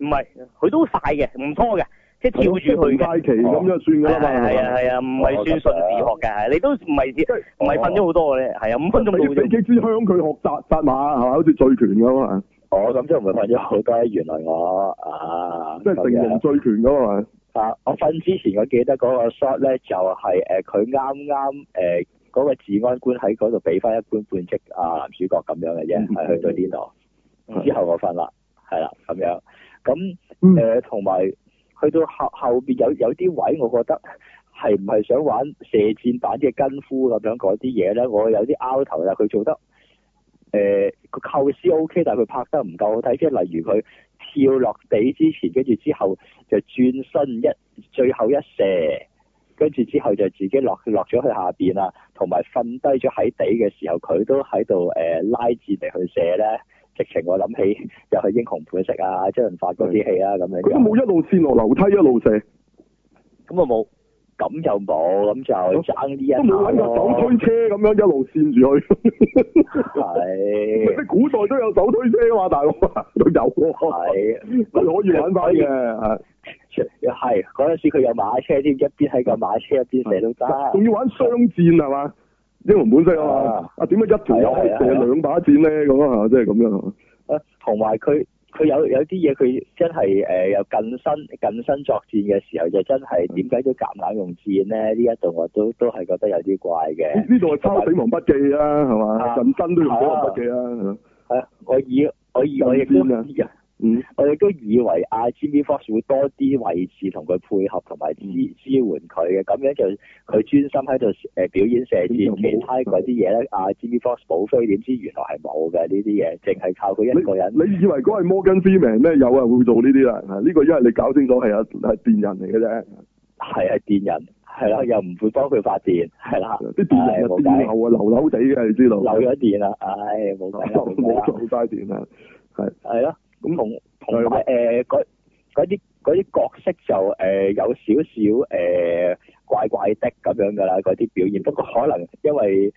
唔係，佢都快嘅，唔拖嘅。即跳住去咁就算噶啦，係啊係啊，唔係算順自學㗎。你都唔係唔係瞓咗好多嘅，係啊，五分鐘你瞓幾支香，佢學紮紮馬係嘛？好似醉拳咁嘛。哦，咁即係唔係瞓咗好多、哦？原來我啊，即係成人醉拳㗎嘛。啊，我瞓之前、嗯、我記得嗰個 shot 咧，就係、是、誒，佢啱啱誒，嗰、呃那個治安官喺嗰度俾翻一官半職啊，男主角咁樣嘅嘢，係去到呢度？之後我瞓啦，係啦咁樣咁誒，同、啊、埋。嗯去到後後邊有有啲位，我覺得係唔係想玩射箭版嘅根夫咁樣講啲嘢咧？我有啲拗頭啦，佢做得誒個、呃、構思 OK，但係佢拍得唔夠好睇，即係例如佢跳落地之前跟住之後就轉身一最後一射，跟住之後就自己落落咗去下邊啦，同埋瞓低咗喺地嘅時候，佢都喺度誒拉箭嚟去射咧。直情我諗起又係英雄本色啊，周潤發嗰啲戲啊咁樣。都冇一路線落樓梯一路射。咁啊冇。咁又冇，咁就爭啲一手玩手推車咁樣一路沿住去。係 古代都有手推車嘛，大佬，都有、啊。係。佢 可以玩翻嘅。係。嗰陣時佢有馬車添，一邊喺架馬車一邊射都得。仲要玩雙戰係嘛？英雄本色啊嘛，啊點解一條友成日兩把箭咧咁啊，即係咁樣啊。同埋佢佢有有啲嘢佢真係誒有近身近身作戰嘅時候就真係點解都夾硬用箭咧？呢一度我都都係覺得有啲怪嘅。呢度係抄《死亡筆記》啊，係嘛、啊？近身都用《死亡筆記》啊。係啊，我以我以、啊、我亦都。嗯，我哋都以為阿、啊、Jimmy Fox 會多啲位置同佢配合，同埋支支援佢嘅，咁樣就佢專心喺度表演射箭，其他嗰啲嘢咧，阿、啊、Jimmy Fox 補飛，點知原來係冇嘅呢啲嘢，淨係靠佢一個人。你，你以為嗰係 Morgan Freeman 咩？有人會做呢啲啦？呢、這個因為你搞清楚係，啊，係電人嚟嘅啫，係啊，電人，係啦，又唔會幫佢發電，係啦，啲電人啊電流啊流流地嘅，你知道流咗電啦，唉冇錯，冇做曬電啦，係咁同同誒，嗰嗰啲嗰啲角色就誒、呃、有少少誒怪怪的咁樣噶啦，嗰啲表現。不過可能因為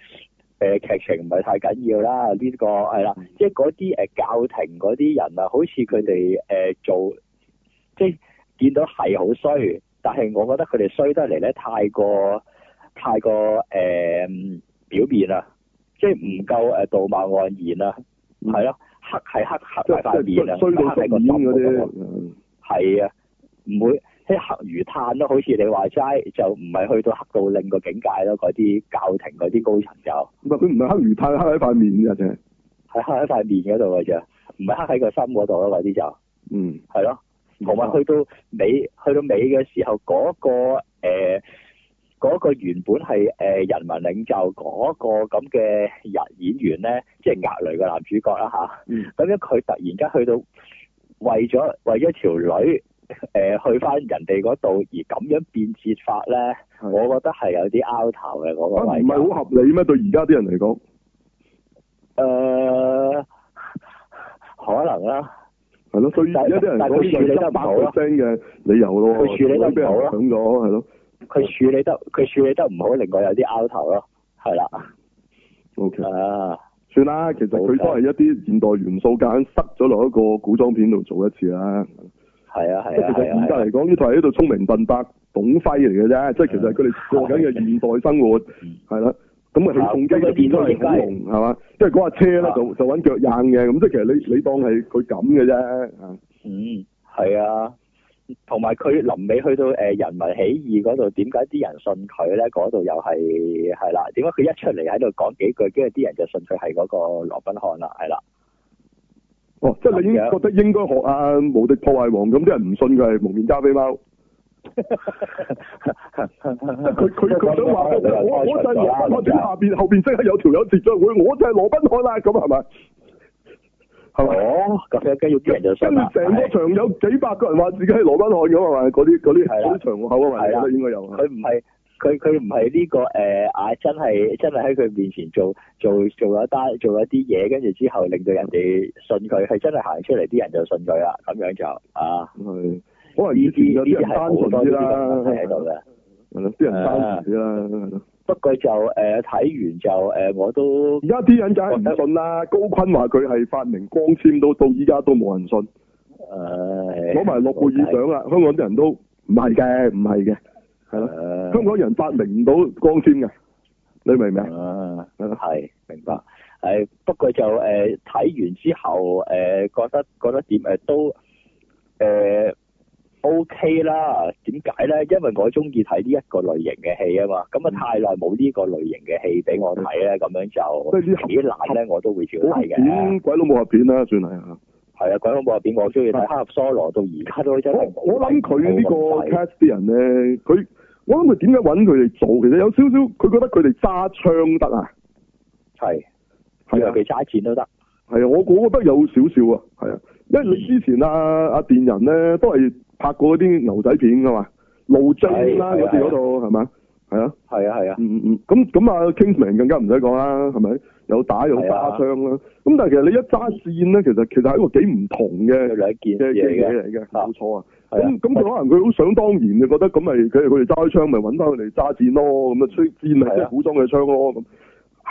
誒劇、呃、情唔係太緊要啦，呢、這個係啦，即係嗰啲誒教廷嗰啲人啊，好似佢哋誒做，即係見到係好衰，但係我覺得佢哋衰得嚟咧太過太過誒、呃、表面啦，即係唔夠誒道貌岸然、嗯、啦係咯。黑係黑黑喺塊面啊，黑喺個心嗰啲，係、就、啊、是，唔會啲黑如炭都好似你話齋，就唔係去到黑到另個境界咯。嗰啲教廷嗰啲高層就，唔係佢唔係黑如炭黑喺塊面㗎啫，係黑喺塊面嗰度㗎啫，唔係黑喺個心嗰度咯。嗰啲就，嗯，係咯，同、嗯、埋去到尾，去到尾嘅時候嗰、那個、呃嗰、那個原本係、呃、人民領袖嗰個咁嘅人演員咧，即係阿雷嘅男主角啦吓，咁樣佢突然間去到為咗為一條女、呃、去翻人哋嗰度而咁樣變節法咧，我覺得係有啲 out 頭嘅嗰、那個。唔係好合理咩？對而家啲人嚟講、呃。可能啦。係咯，所以有啲人攞水一頭聲嘅理由咯，佢處理得好啦係咯。佢處理得佢處理得唔好，另外有啲拗頭咯，係啦。O、okay, K。啊，算啦，其實佢都係一啲現代元素間塞咗落一個古裝片度做一次啦、啊。係啊係啊。其實而家嚟講，呢台一度聰明笨伯董輝嚟嘅啫。即係其實佢哋過緊嘅現代生活，係啦。咁啊，動機就變咗係好濃，係嘛？即係嗰架車咧，就就揾腳硬嘅。咁即係其實你你當係佢咁嘅啫。嗯，係啊。同埋佢臨尾去到誒、呃、人民起義嗰度，點解啲人信佢咧？嗰度又係係啦，點解佢一出嚟喺度講幾句，跟住啲人就信佢係嗰個羅賓漢啦？係啦。哦，即係你覺得應該學阿無敵破壞王咁，啲人唔信佢，蒙面揸飛貓。佢佢想話我我陣我喺下邊後邊即刻有條友接咗佢，我就係 羅賓漢啦，係咪？係咪？咁、哦、啲人就跟住成個場有幾百個人話自己係羅賓漢咗嘛？嗰啲嗰啲嗰啲場口啊，應該有，佢唔係佢佢唔係呢個誒、呃，真係真係喺佢面前做做做咗單做咗啲嘢，跟住之後令到人哋信佢係真係行出嚟，啲人就信佢啦。咁樣就啊，可能呢啲呢啲單純啲啦，喺度嘅。啦，啲人單純啲啦。不過就誒睇、呃、完就誒、呃、我都而家啲人就唔信啦。高錕話佢係發明光纖到到依家都冇人信。誒、哎，攞埋六個以上啦！香港啲人都唔係嘅，唔係嘅，係、啊、咯。香港人發明唔到光纖嘅，你明唔明？啊，係明白。誒、哎，不過就誒睇、呃、完之後誒、呃、覺得覺得點誒、呃、都誒。呃 OK 啦，點解咧？因為我中意睇呢一個類型嘅戲啊嘛，咁啊太耐冇呢個類型嘅戲俾我睇咧，咁、嗯、樣就。所以啲瀨咧，我都會中意瀨嘅。鬼佬武俠片啦，算係啊。係啊，鬼佬武俠片我中意睇。加入 Solo 到而家都真。我諗佢呢個 cast 啲人咧，佢我諗佢點解揾佢哋做？其實有少少，佢覺得佢哋揸槍得啊。係。係啊，俾揸錢都得。係啊，我我覺得有少少啊，係啊，因為之前啊阿、啊、電人咧都係。拍過嗰啲牛仔片噶嘛，露樽啦嗰啲嗰度係咪？係啊係啊，啊，啊。嗯嗯嗯，咁咁啊，Kingsman 更加唔使講啦，係咪？有打有揸槍啦。咁、啊、但係其實你一揸箭咧，其實其實係一個幾唔同嘅嘅嘢嚟嘅，冇、就、錯、是、啊。咁咁佢可能佢好想、啊、當然就覺得咁咪，佢哋佢哋揸槍咪揾翻佢哋揸箭咯，咁啊出箭係即係古裝嘅槍咯咁。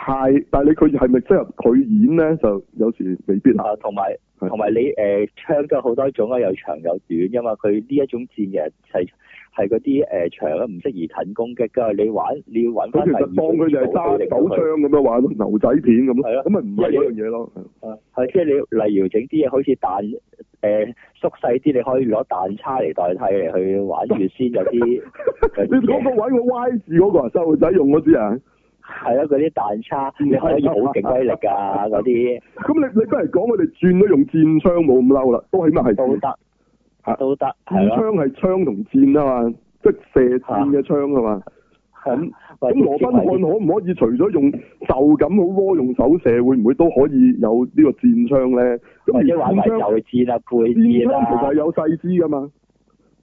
係，但係你佢係咪真係佢演咧？就有時未必吓、啊。同埋，同埋你誒槍都好多種啊，有長有短。因為佢呢一種箭嘅，係係嗰啲誒長，唔適宜近攻擊噶。你玩你要搵翻第二種武器，佢就係揸手槍咁樣玩牛仔片咁咯。係咁咪唔係呢樣嘢咯。係即係你，例如整啲嘢好似彈誒縮細啲，你可以攞彈叉嚟代替嚟去玩住先有啲。 有有你講個玩、那個歪字嗰個人，細路仔用嗰啲啊？係啊，嗰啲彈叉、嗯、你可以好勁威力噶嗰啲。咁、啊啊、你你，不如講，你都係講佢哋轉咗用箭槍冇咁嬲啦，都起碼係。都得。吓、啊。都得。箭槍係槍同箭啊戰槍是槍戰嘛，啊即係射箭嘅槍啊嘛。咁咁羅賓漢可唔可以除咗用就咁好窩用手射，會唔會都可以有這個戰槍呢個箭槍咧？咁而箭槍。箭啊，配置啦、啊。箭槍其實有細支噶嘛。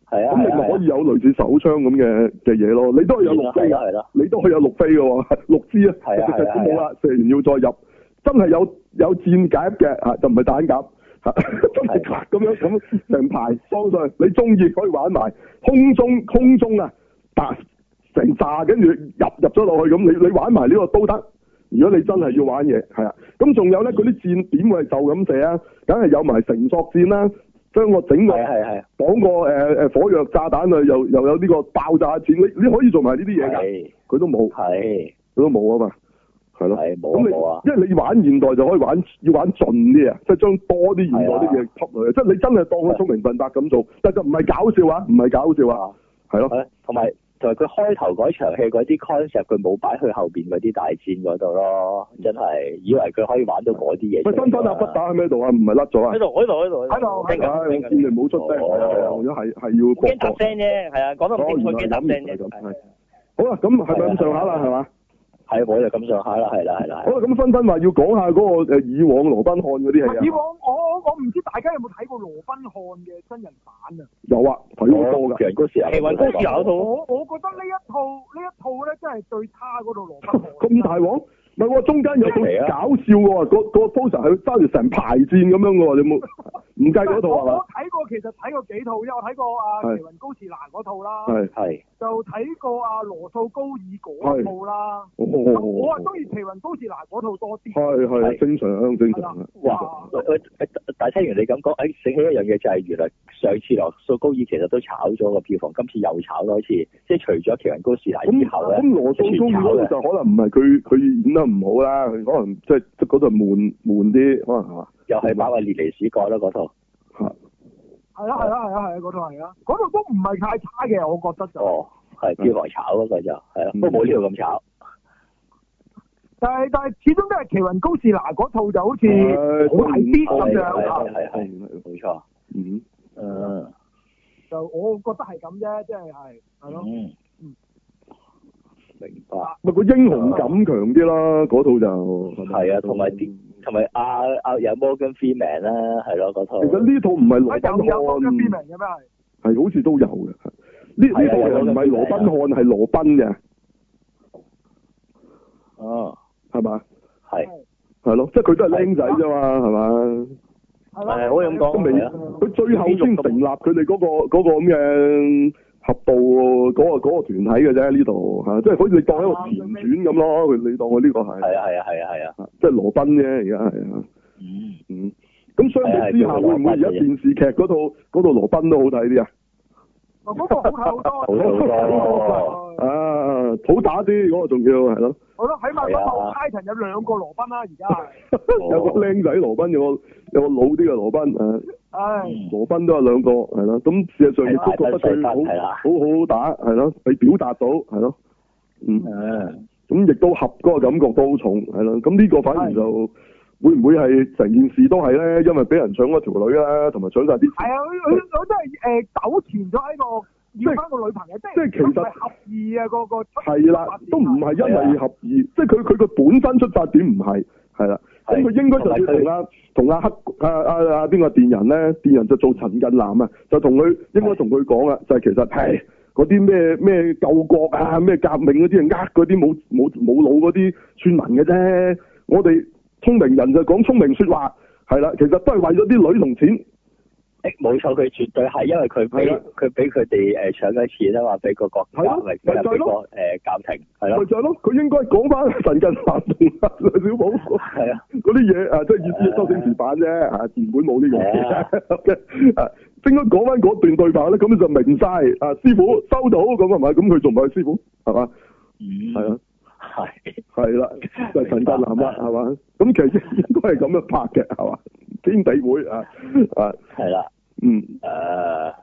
係啊，咁你咪可以有類似手槍咁嘅嘅嘢咯，你都係有六飛、啊啊啊，你都可以有六飛嘅喎，六支啊，直直都冇啦，射完要再入，真係有有箭夾嘅，就唔係彈夾吓， 真係咁、啊、樣咁成排裝上，你中意可以玩埋空中空中啊，炸成炸，跟住入入咗落去咁，你你玩埋呢個都得，如果你真係要玩嘢係啊，咁仲有咧嗰啲箭點會係就咁射啊？梗係有埋繩索箭啦。將我整個綁個誒誒火藥炸彈啊，又又有呢個爆炸箭，你你可以做埋呢啲嘢㗎，佢都冇，係佢都冇啊嘛，係咯，係冇啊，啊，因為你玩現代就可以玩，要玩盡啲啊，即係將多啲現代啲嘢吸落去，即係、就是、你真係當佢聰明笨伯咁做係，但就唔係搞笑啊，唔係搞笑啊，係咯，係同埋。就係佢開頭嗰場戲嗰啲 concept，佢冇擺去後面嗰啲大戰嗰度咯，真係以為佢可以玩到嗰啲嘢。喂，分分啊，不打喺咩度啊？唔係甩咗啊？喺度，喺度，喺度。喺度。聽緊。我見你冇出聲。如果係係要拼拼。驚插聲啫，係啊，講得唔清楚，驚插聲啫。係。好啦，咁係咪咁上下啦？係嘛？是係啊我就咁上下啦，係啦係啦。好啦，咁分分話要講下嗰個誒、啊，以往羅賓漢嗰啲戲。以往我我唔知大家有冇睇過羅賓漢嘅真人版啊？有啊，睇好多嘅。其實嗰時係奇有套。我我覺得呢一套呢一套咧，真係最差嗰套羅賓漢。咁 大鑊？唔係我中間有啲搞笑喎，是是啊嗰個 poster 係揸住成排箭咁樣喎，你冇唔 計嗰套啊？我睇過，其實睇過幾套，因為睇過阿、啊、奇雲高士蘭嗰套啦，係就睇過阿、啊、羅素高爾嗰套啦、啊哦。我係中意奇雲高士蘭嗰套多啲。係係正常啊，正常啊。哇！大聽完你咁講，誒醒起一樣嘢就係，原來上次羅素高爾其實都炒咗個票房，今次又炒多次，即係除咗奇雲高士蘭之後呢，咁羅素高爾就可能唔係佢佢演唔好啦，佢可能即係嗰度悶悶啲，可能又係話話列尼史葛啦嗰套，係、嗯，係啦係啦係啦嗰套係啊，嗰套、嗯、都唔係太差嘅，我覺得就，哦，係、嗯、要來炒嗰、那個就係啦，都冇呢度咁炒，但係但係始終都係奇雲高士拿嗰套就好似好睇啲咁樣，係係冇錯，嗯，誒、嗯，就我覺得係咁啫，即係係係咯。明白，咪、啊那個、英雄感強啲啦，嗰套就係啊，同埋同埋阿阿有 Morgan Freeman 啦、啊，係咯嗰套。其實呢套唔係羅賓漢。係嘅咩係？好似都有嘅，呢呢、啊、套唔係羅賓漢，係羅賓嘅。哦，係、啊、嘛？係係咯，即係佢都係僆仔啫嘛，係嘛、啊？係咯、啊，可以咁講佢最後先成立佢哋嗰個嗰、那個咁嘅。合到嗰、嗰個嗰、嗰個團體嘅啫，呢度即係好似你當一個前傳咁咯。佢、啊、你當佢呢個係係啊係啊係啊係啊，即係羅賓啫，而家係啊。嗯咁、嗯、相比之下，會唔會而家電視劇嗰套嗰套羅賓都好睇啲啊？嗰個好後多， 多，好多 啊！好打啲嗰個仲要係咯。係咯 起碼嗰套 Titan 有兩個羅賓啦、啊，而 家、哦、有個靚仔羅賓，有個有個老啲嘅羅賓、啊唉，羅賓都有兩個係啦，咁事實上亦都覺得好好好打係咯，你表達到係咯，嗯，咁亦都合嗰個感覺都好重係咯，咁呢個反而就會唔會係成件事都係咧，因為俾人搶咗條女啦，同埋搶晒啲係啊，佢佢真係誒糾纏咗喺個要爭個女朋友，即係即係其實是是合意啊，那個個係啦，都唔係因為合意，即係佢佢個本身出發點唔係係啦，咁佢應該就要停啦。同阿黑阿阿阿邊個電人咧，電人就做陳近南啊，就同佢應該同佢講啊，就係其實係嗰啲咩咩救國啊，咩革命嗰啲啊，呃嗰啲冇冇冇腦嗰啲村民嘅啫，我哋聰明人就講聰明說話，係啦，其實都係為咗啲女同錢。冇錯，佢絕對係因為佢俾佢俾佢哋誒搶咗錢啊嘛，俾個國家咪咪、啊那個、就係個誒搞停，係啦咪就係、是、咯，佢應該講翻陳近南同小寶，係啊，嗰啲嘢啊，即係意思係周星馳版啫，啊，唔會冇呢樣嘢嘅，啊， 啊，應該講翻嗰段對白咧，咁你就明晒啊，師傅收到咁係咪？咁佢仲唔係師傅？係嘛？嗯，係啊，係係啦，就是、陳近南係嘛？咁、 啊啊、其實應該係咁樣拍嘅係嘛？天地會啊，啊，係啦，嗯，誒、啊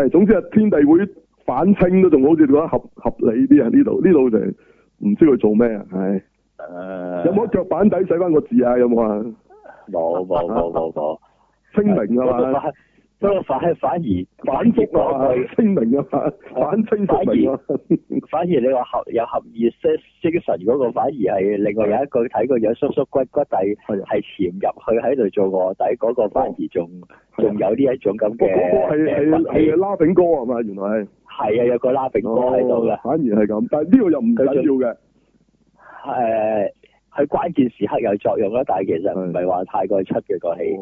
哎，總之啊天地會反清都仲好似點講合合理啲啊，呢度呢度就唔知佢做咩、哎、啊，誒有冇腳板底寫翻個字啊，有冇啊？冇冇冇冇冇，清明啊嘛。 不過反反而，反而，話聲、那個啊、明嘅、啊、反，反、啊、反而， 反而你話合有合意精精神嗰、那個，反而係另外有一個睇個樣縮縮骨骨底係潛入去喺度做臥底，嗰個反而仲仲、哦、有呢一種咁嘅，係係、嗯、拉炳哥係咪？原來係啊，有個拉炳哥喺度嘅，反而係咁，但係呢個又唔緊要嘅，係、呃。喺關鍵時刻有作用啦，但係其實唔係話太過出嘅個氣，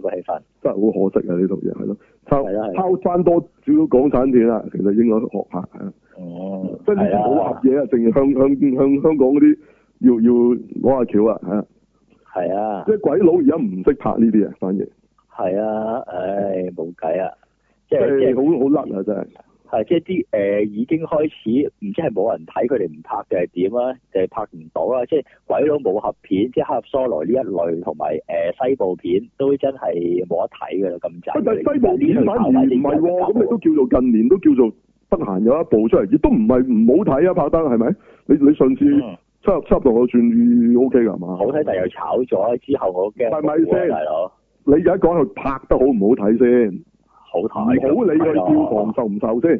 個氣氛真係好可惜啊！呢六嘢係咯，拋拋翻多，少少港產片啦，其實應該學下吓。哦、嗯，真、嗯、係好合嘢啊！淨向向向，向香港嗰啲，要要攞下橋啊吓。係啊！是是即係鬼佬而家唔識拍呢啲啊，反而。係啊，唉、哎，冇計啊，即係好好甩啊，真係。啊、即係啲誒已經開始，唔知係冇人睇佢哋唔拍定係點啊？定係拍唔到啦！即係鬼佬武俠片，即係《黑俠梭羅》呢一類，同埋誒西部片都真係冇得睇㗎啦！咁滯。不就係西部片反？唔係喎，咁咪都叫做近年都叫做得閒有一部出嚟，亦都唔係唔好睇啊！拍得係咪？你你上次七《七十七度》我算 O K 㗎嘛？好睇、okay 嗯，但又炒咗之後我怕不怕、啊，我驚。係咪先？你而家講佢拍得好唔好睇先？好睇，唔好理個票房受唔受先，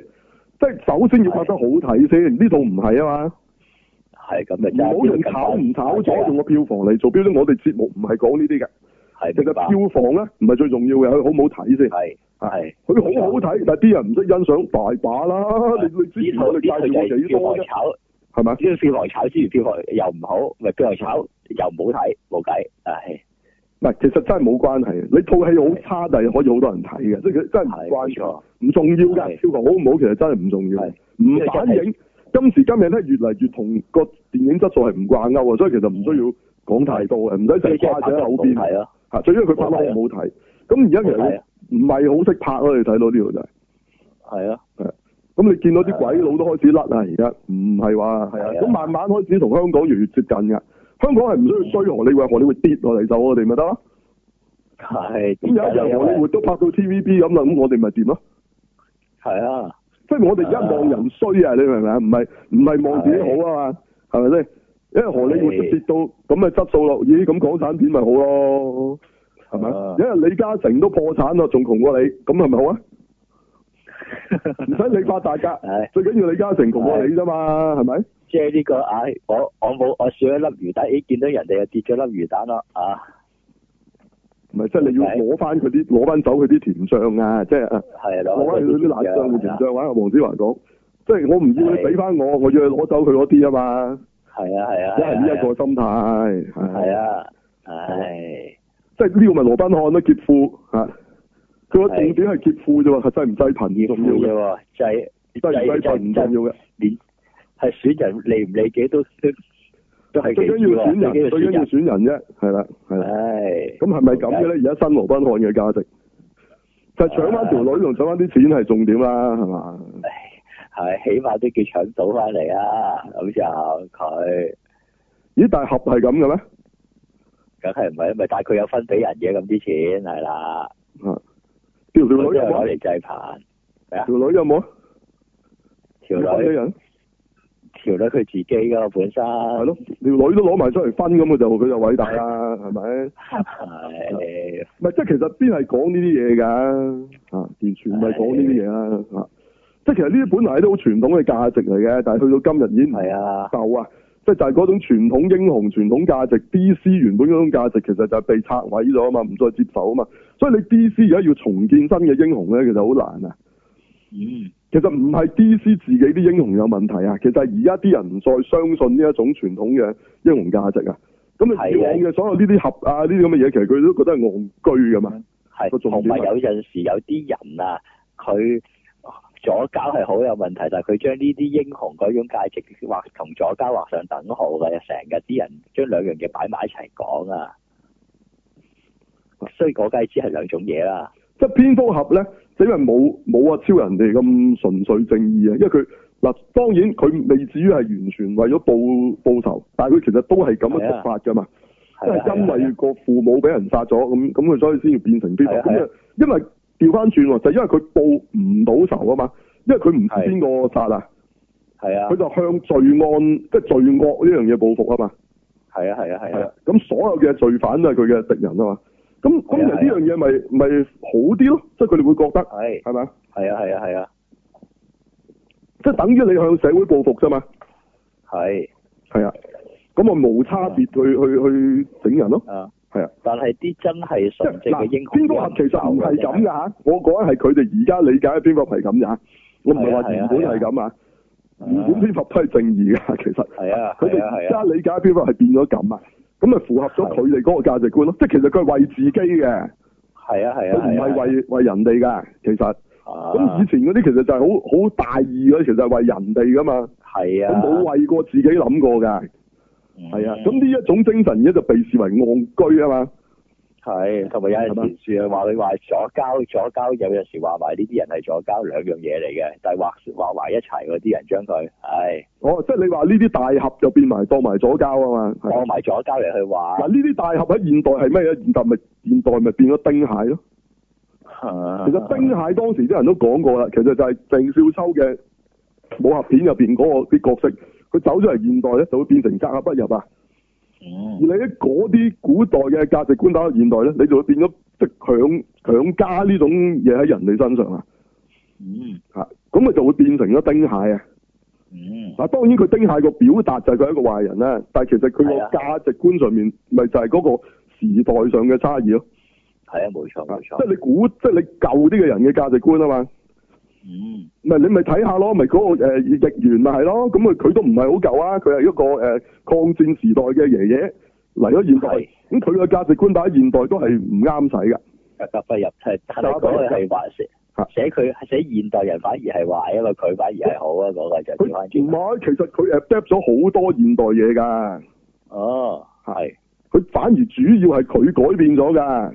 即係、啊、首先要拍得好睇先，呢套唔係啊嘛。係咁就唔好用炒唔炒，炒，咗、啊，用個票房嚟做標準、啊。我哋節目唔係講呢啲嘅，係、啊，但係票房咧唔係最重要嘅，佢好唔好睇先。係係佢好好睇、啊，但係啲人唔識欣賞大把啦。你、啊、你知唔知？啲佢哋叫來炒，係咪？先嚟炒、啊、炒，先嚟跳來又唔好看，咪跳來炒又唔好睇，冇計，唉、哎。其實真係冇關係，你套戲好差，但係可以好多人睇嘅，即係佢真係唔關錯，唔重要噶。票房好唔好，其實真係唔重要，唔反映今時今日咧越嚟越，同個電影質素係唔掛鈎啊。所以其實唔需要講太多嘅，唔使成日掛喺口邊。吓，最主要佢拍落去好睇。咁而家其實唔係好識拍咯，你睇到呢度就係。係啊。係。咁你見到啲鬼佬都開始甩啊。而家唔係話係啊。咁慢慢開始同香港越來越接近嘅。香港係唔需要衰荷里活，荷里活跌落嚟就我哋咪得。係。咁有一日荷里活都拍到 TVB 咁啦，咁我哋咪掂咯？係啊。即係，我哋一望人衰啊，你明唔明啊？唔係唔係望自己好啊嘛？係咪先？因為荷里活跌到咁咪質素咯。咦，咁港產片咪好咯？係咪？因為李嘉誠都破產啦，仲窮過你，咁係咪好啊？唔 使你發達嘅，最緊要李嘉誠窮過你啫嘛，係咪？即係呢、這個，唉、啊，我我冇我少一粒魚蛋，咦，見到人哋又跌咗粒魚蛋咯，啊！唔係，okay. 即係你要攞翻佢啲，攞翻走佢啲甜醬啊！即係，係攞翻佢啲辣醬、甜醬。話阿黃子華講，即係我唔要你俾翻我，我要攞走佢嗰啲啊嘛。係啊係啊，即係呢一個心態。係啊，係。即係呢個咪羅賓漢都劫富吓。重點係劫富咋嘛，係濟唔濟貧嘅咁要嘅喎，濟濟唔濟唔重要嘅，連係選人利唔利己都都最緊要，最緊要選人，最緊要選人啫，係啦，係啦，咁係咪咁嘅咧？而家新羅賓漢嘅價值就係搶翻條女，同搶翻啲錢係重點啦，係嘛？係、哎、起碼都叫搶到翻嚟啊，咁就他，佢咦？大俠係咁嘅咩？梗係唔係，咪大概有分俾人嘅咁啲錢係啦。條女即係攞嚟祭壇，條女有冇啊？條女嘅人，條女佢自己噶本身。係咯，條女都攞埋出嚟分咁啊！就佢就偉大啦，係咪？係。係、哎，即係其實邊係講呢啲嘢噶？啊、哎，完全唔係講呢啲嘢啦。即、哎、係其實呢啲本來都好傳統嘅價值嚟嘅，但係去到今日已經唔夠啊。即就係、是、嗰種傳統英雄、傳統價值，D.C. 原本嗰種價值其實就係被拆毀咗啊嘛，唔再接受啊嘛，所以你 D.C. 而家要重建新嘅英雄咧，其實好難啊。嗯、其實唔係 D.C. 自己啲英雄有問題啊，其實係而家啲人唔再相信呢一種傳統嘅英雄價值啊。咁你以往嘅所有呢啲盒啊，呢啲咁嘅嘢，其實佢都覺得係戇居噶嘛。係同埋有陣時有啲人啊，佢。左交係好有問題，但係佢將呢啲英雄嗰種價值畫同左交畫上等號嘅，成日啲人將兩樣嘢擺埋一齊講啊，啊，啊。所以嗰雞只係兩種嘢啦。即係蝙蝠俠咧，就因為冇冇話超人哋咁純粹正義啊，因為佢嗱當然佢未至於係完全為咗報報仇，但係佢其實都係咁樣出發㗎嘛，即係因為個父母俾人殺咗咁咁，佢所以先要變成蝙蝠俠，因為。調翻轉就係、因為佢報唔到仇啊嘛，因為佢唔知邊個殺啊，係啊，佢就向罪案即係罪惡呢樣嘢報復啊嘛，係啊係啊係啊，咁、啊啊啊、所有嘅罪犯都係佢嘅敵人啊嘛，咁咁其實呢樣嘢咪咪好啲咯，即係佢哋會覺得係，係嘛，係啊係啊係啊，即係等於你向社會報復啫嘛，係係啊，咁啊，啊，啊，啊就無差別去、啊、去去整人咯。是啊，但係啲真係實際嘅英雄蝙蝠俠其實唔係咁噶吓，我講係佢哋而家理解嘅蝙蝠係咁噶吓，我唔係話原本係咁啊，原本蝙蝠都正義噶，其實係啊，佢哋而家理解蝙蝠係變咗咁啊，咁咪符合咗佢哋嗰個價值觀咯，啊，即係，啊啊啊、其實佢係為自己嘅，係啊係啊，佢唔係為為人哋噶，其實咁、啊、以前嗰啲其實就係好好大義嘅，其實係為人哋噶嘛，係啊，冇為過自己諗過噶。係、mm-hmm. 啊，咁呢一種精神而家就被視為戇居啊嘛，係，同埋有陣時啊話你話左膠左膠，有有，有時話埋呢啲人係左膠，兩樣嘢嚟嘅，就係畫畫埋一齊嗰啲人將佢，係，哦，即係你話呢啲大俠就變埋當埋左膠啊嘛，當埋左膠嚟去話嗱，呢啲大俠喺現代係咩嘢？現代咪、就是、現代咪變咗丁蟹咯，uh-huh. 其實丁蟹當時啲人都講過啦，其實就係鄭少秋嘅武俠片入邊嗰個啲角色。佢走出嚟現代咧，就會變成格格不入啊、嗯！而你喺嗰啲古代嘅價值觀打到現代咧，你就會變咗即係強強加呢種嘢喺人哋身上啊。嗯。嚇，咁咪就會變成咗丁蟹啊！嗯。嗱、嗯，當然佢丁蟹個表達就係佢一個壞人啦，但係其實佢個價值觀上面，咪就係嗰個時代上嘅差異咯。係啊，冇錯，冇錯。即係你古，即係你舊呢個人嘅價值觀啊嘛。嗯，咪你咪睇下咯，咪、那、嗰個誒，譯員咪係咯，咁啊，佢都唔係好舊啊，佢係一個誒、呃、抗戰時代嘅爺爺嚟咗現代，咁佢嘅價值觀擺喺現代都係唔啱使㗎。誒，入係，係寫佢寫現代人反而係壞啊，因為，佢反而係好啊，嗰個就。佢唔係，其實佢誒 adapt 咗好多現代嘢噶。哦，係。佢反而主要係佢改變咗噶。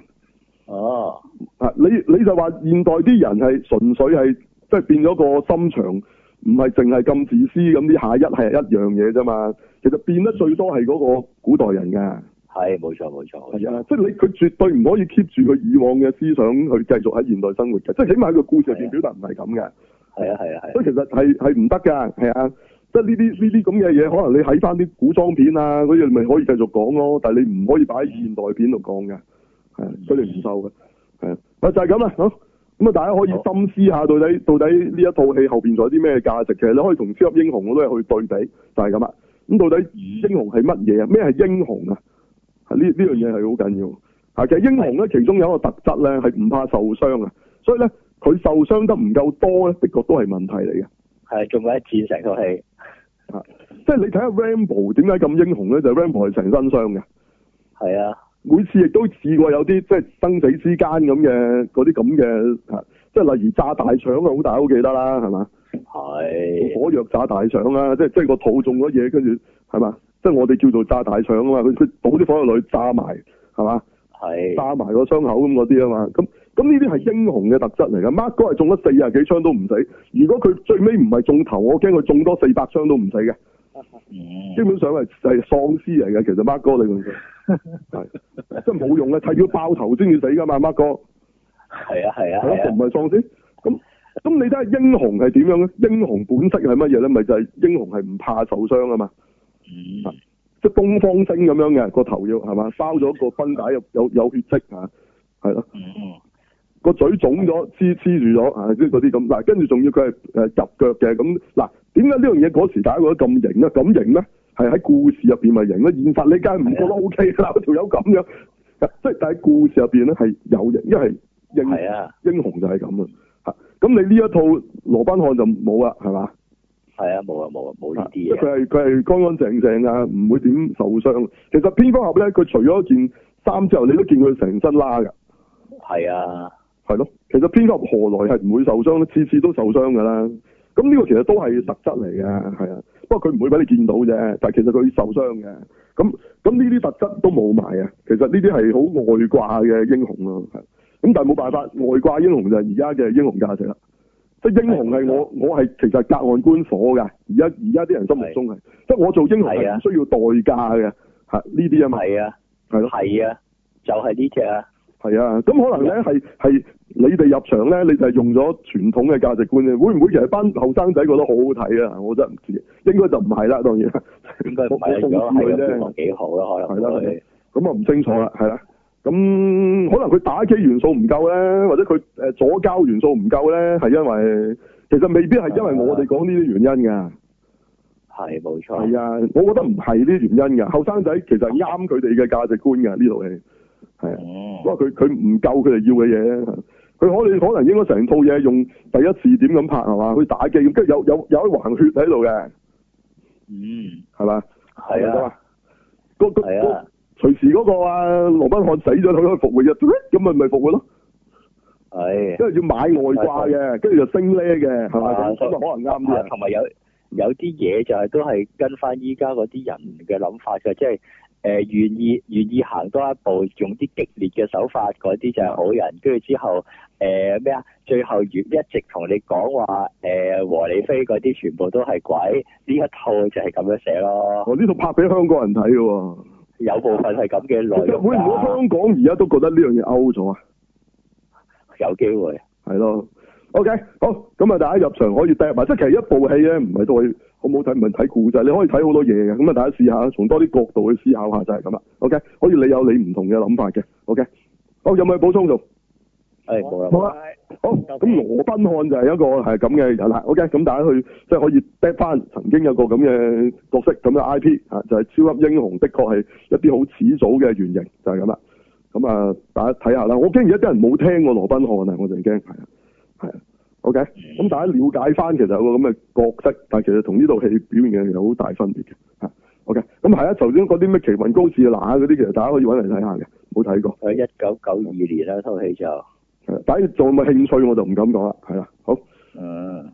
哦。啊，你你就話現代啲人係純粹係。即係變咗個心腸，唔係淨係咁自私咁，啲下一係一樣嘢啫嘛。其實變得最多係嗰個古代人㗎。係，冇錯冇錯。係啊，即係你佢絕對唔可以 keep 住佢以往嘅思想去繼續喺現代生活嘅。即係起碼喺個故事入邊表達唔係咁嘅。係啊係啊，啊，啊，啊，啊，啊，所以其實係係唔得噶。係啊，即係呢啲呢啲咁嘅嘢，可能你睇翻啲古裝片啊嗰啲，咪可以繼續講咯。但係你唔可以擺喺現代片度講嘅，係所以你唔受嘅。係啊，就係咁啊，好。咁啊，大家可以深思下到底、哦、到底呢一套戲後邊仲有啲咩價值？其實你可以同超級英雄我都係去對比，就係咁啊。咁到底英雄係乜嘢啊？咩係英雄啊？呢呢樣嘢係好緊要啊！其實英雄咧，其中有一個特質咧係唔怕受傷啊。所以咧，佢受傷得唔夠多咧，的確都係問題嚟嘅。係仲有一戰成套戲啊！即係你睇下 Rambo 點解咁英雄咧，就 Rambo 係成身傷嘅。係啊。每次亦都試過有啲即係生死之間咁嘅嗰啲咁嘅，即係例如炸大腸啊，好大家都記得啦，係嘛？係火藥炸大腸啦，即係即係個肚中咗嘢，跟住係嘛？即係我哋叫做炸大腸啊嘛，佢佢倒啲火藥落去炸埋，係嘛？係炸埋個傷口咁嗰啲啊嘛，咁咁呢啲係英雄嘅特質嚟嘅。Mark 哥係中咗四十幾槍都唔死，如果佢最尾唔係中頭，我驚佢中多四百槍都唔死嘅、嗯。基本上係係喪屍嚟嘅，其實 Mark 哥你講係， 即係冇用嘅，係要爆頭先要死噶嘛，阿 Mark 哥。係啊係啊，係咯、啊，唔係喪屍。咁咁你睇下英雄係點樣咧？英雄本色係乜嘢咧？咪就係、是、英雄係唔怕受傷啊嘛。即、嗯、係東方星咁樣嘅，個頭要係嘛，包咗個繃帶，有有血跡吓，係咯。嗯，個嘴腫咗，黐黐住咗，即啲咁。嗱，跟住仲要佢係誒入腳嘅咁。嗱，點解呢樣嘢嗰時大家覺得咁型啊咁型咧？係喺故事入邊咪型咯，現實你梗係唔覺得 O K 啦，條友咁樣，即係但喺故事入邊咧係有贏，因為英，英雄就係咁啊。咁你呢一套羅賓漢就冇啦，係嘛？係啊，冇啊，冇啊，冇呢啲嘢。佢係佢係乾乾淨淨啊，唔會點受傷。其實蝙蝠俠咧，佢除咗件衫之後，你都見佢成身拉㗎。係啊，係咯。其實蝙蝠俠何來係唔會受傷咧？次次都受傷噶啦。咁呢個其實都係實質嚟嘅，係、嗯、啊，不過佢唔會俾你見到啫，但係其實佢受傷嘅，咁咁呢啲特質都冇埋嘅，其實呢啲係好外掛嘅英雄咯、啊，係，咁但係冇辦法，外掛英雄就係而家嘅英雄價值啦，即係英雄係我我係其實隔岸觀火㗎。而家而家啲人心目中係，即係我做英雄係唔需要代價嘅，吓呢啲啊嘛，係、就是、啊，係咯，係啊，就係呢隻啊。係啊，咁可能咧，係係你哋入場咧，你就係用咗傳統嘅價值觀啫。會唔會其實班後生仔覺得好好睇啊？我真係唔知，應該就唔係啦，當然。應該冇買通佢幾好啦，可能都咁啊，唔清楚啦，係啦。咁可能佢打機元素唔夠咧，或者佢誒左膠元素唔夠咧，係因為其實未必係因為我哋講呢啲原因噶。係冇錯。係啊，我覺得唔係呢啲原因噶，後生仔其實係啱佢哋嘅價值觀噶呢部戲。係啊，佢佢不過佢佢唔夠佢哋要嘅嘢。佢可可能應該成套嘢，用第一視點，咁拍係嘛？去打機跟住有有有一橫血喺度嘅，嗯，係嘛？係啊，那個啊、那個隨、那個、時嗰個啊羅賓漢死咗，佢可以復活嘅，咁咪咪復活咯。唉，跟住、啊、要買外掛嘅，跟住、啊啊、就升呢嘅，係嘛？咁可能啱啲、啊。同埋有有啲嘢就係、是、都係跟翻依家嗰啲人嘅諗法嘅，即係。誒、呃，願意願意行多一步，用啲激烈嘅手法，嗰啲就係好人。跟住之後，誒咩啊？最後越一直同你講話，誒、呃、和理非嗰啲全部都係鬼。呢一套就係咁樣寫咯。我、哦、呢套拍俾香港人睇喎、哦，有部分係咁嘅內容。會唔會香港而家都覺得呢樣嘢 out 咗啊？有機會。係咯。OK，好，咁啊，大家入場可以 back 埋，即係其實一部戲咧，唔係都係好冇睇，唔係睇故仔，你可以睇好多嘢嘅。咁啊，大家試下從多啲角度去思考下就係咁啦。OK，可以你有你唔同嘅諗法嘅。OK，好，有冇人補充？仲係好啦。好，咁羅賓漢就係一個係咁嘅人啦，OK，咁大家去即係可以 back 翻曾經有個咁嘅角色咁嘅 I P 啊，就係超級英雄，的確係一啲好始祖嘅原型，就係咁啦。咁啊，大家睇下啦。我驚而家啲人冇聽過羅賓漢啊，我仲驚係啊。係，OK，咁大家了解翻，其實有個咁嘅角色，但係其實同呢套戲表面嘅有好大分別嘅，吓，OK，咁係啊，頭先嗰啲咩奇聞智事嗱嗰啲，其實大家可以搵嚟睇下嘅，冇睇過。喺一九九二年啦，啊，套戲就，係，反做仲有冇興趣我就唔敢講啦，係啦，好，啊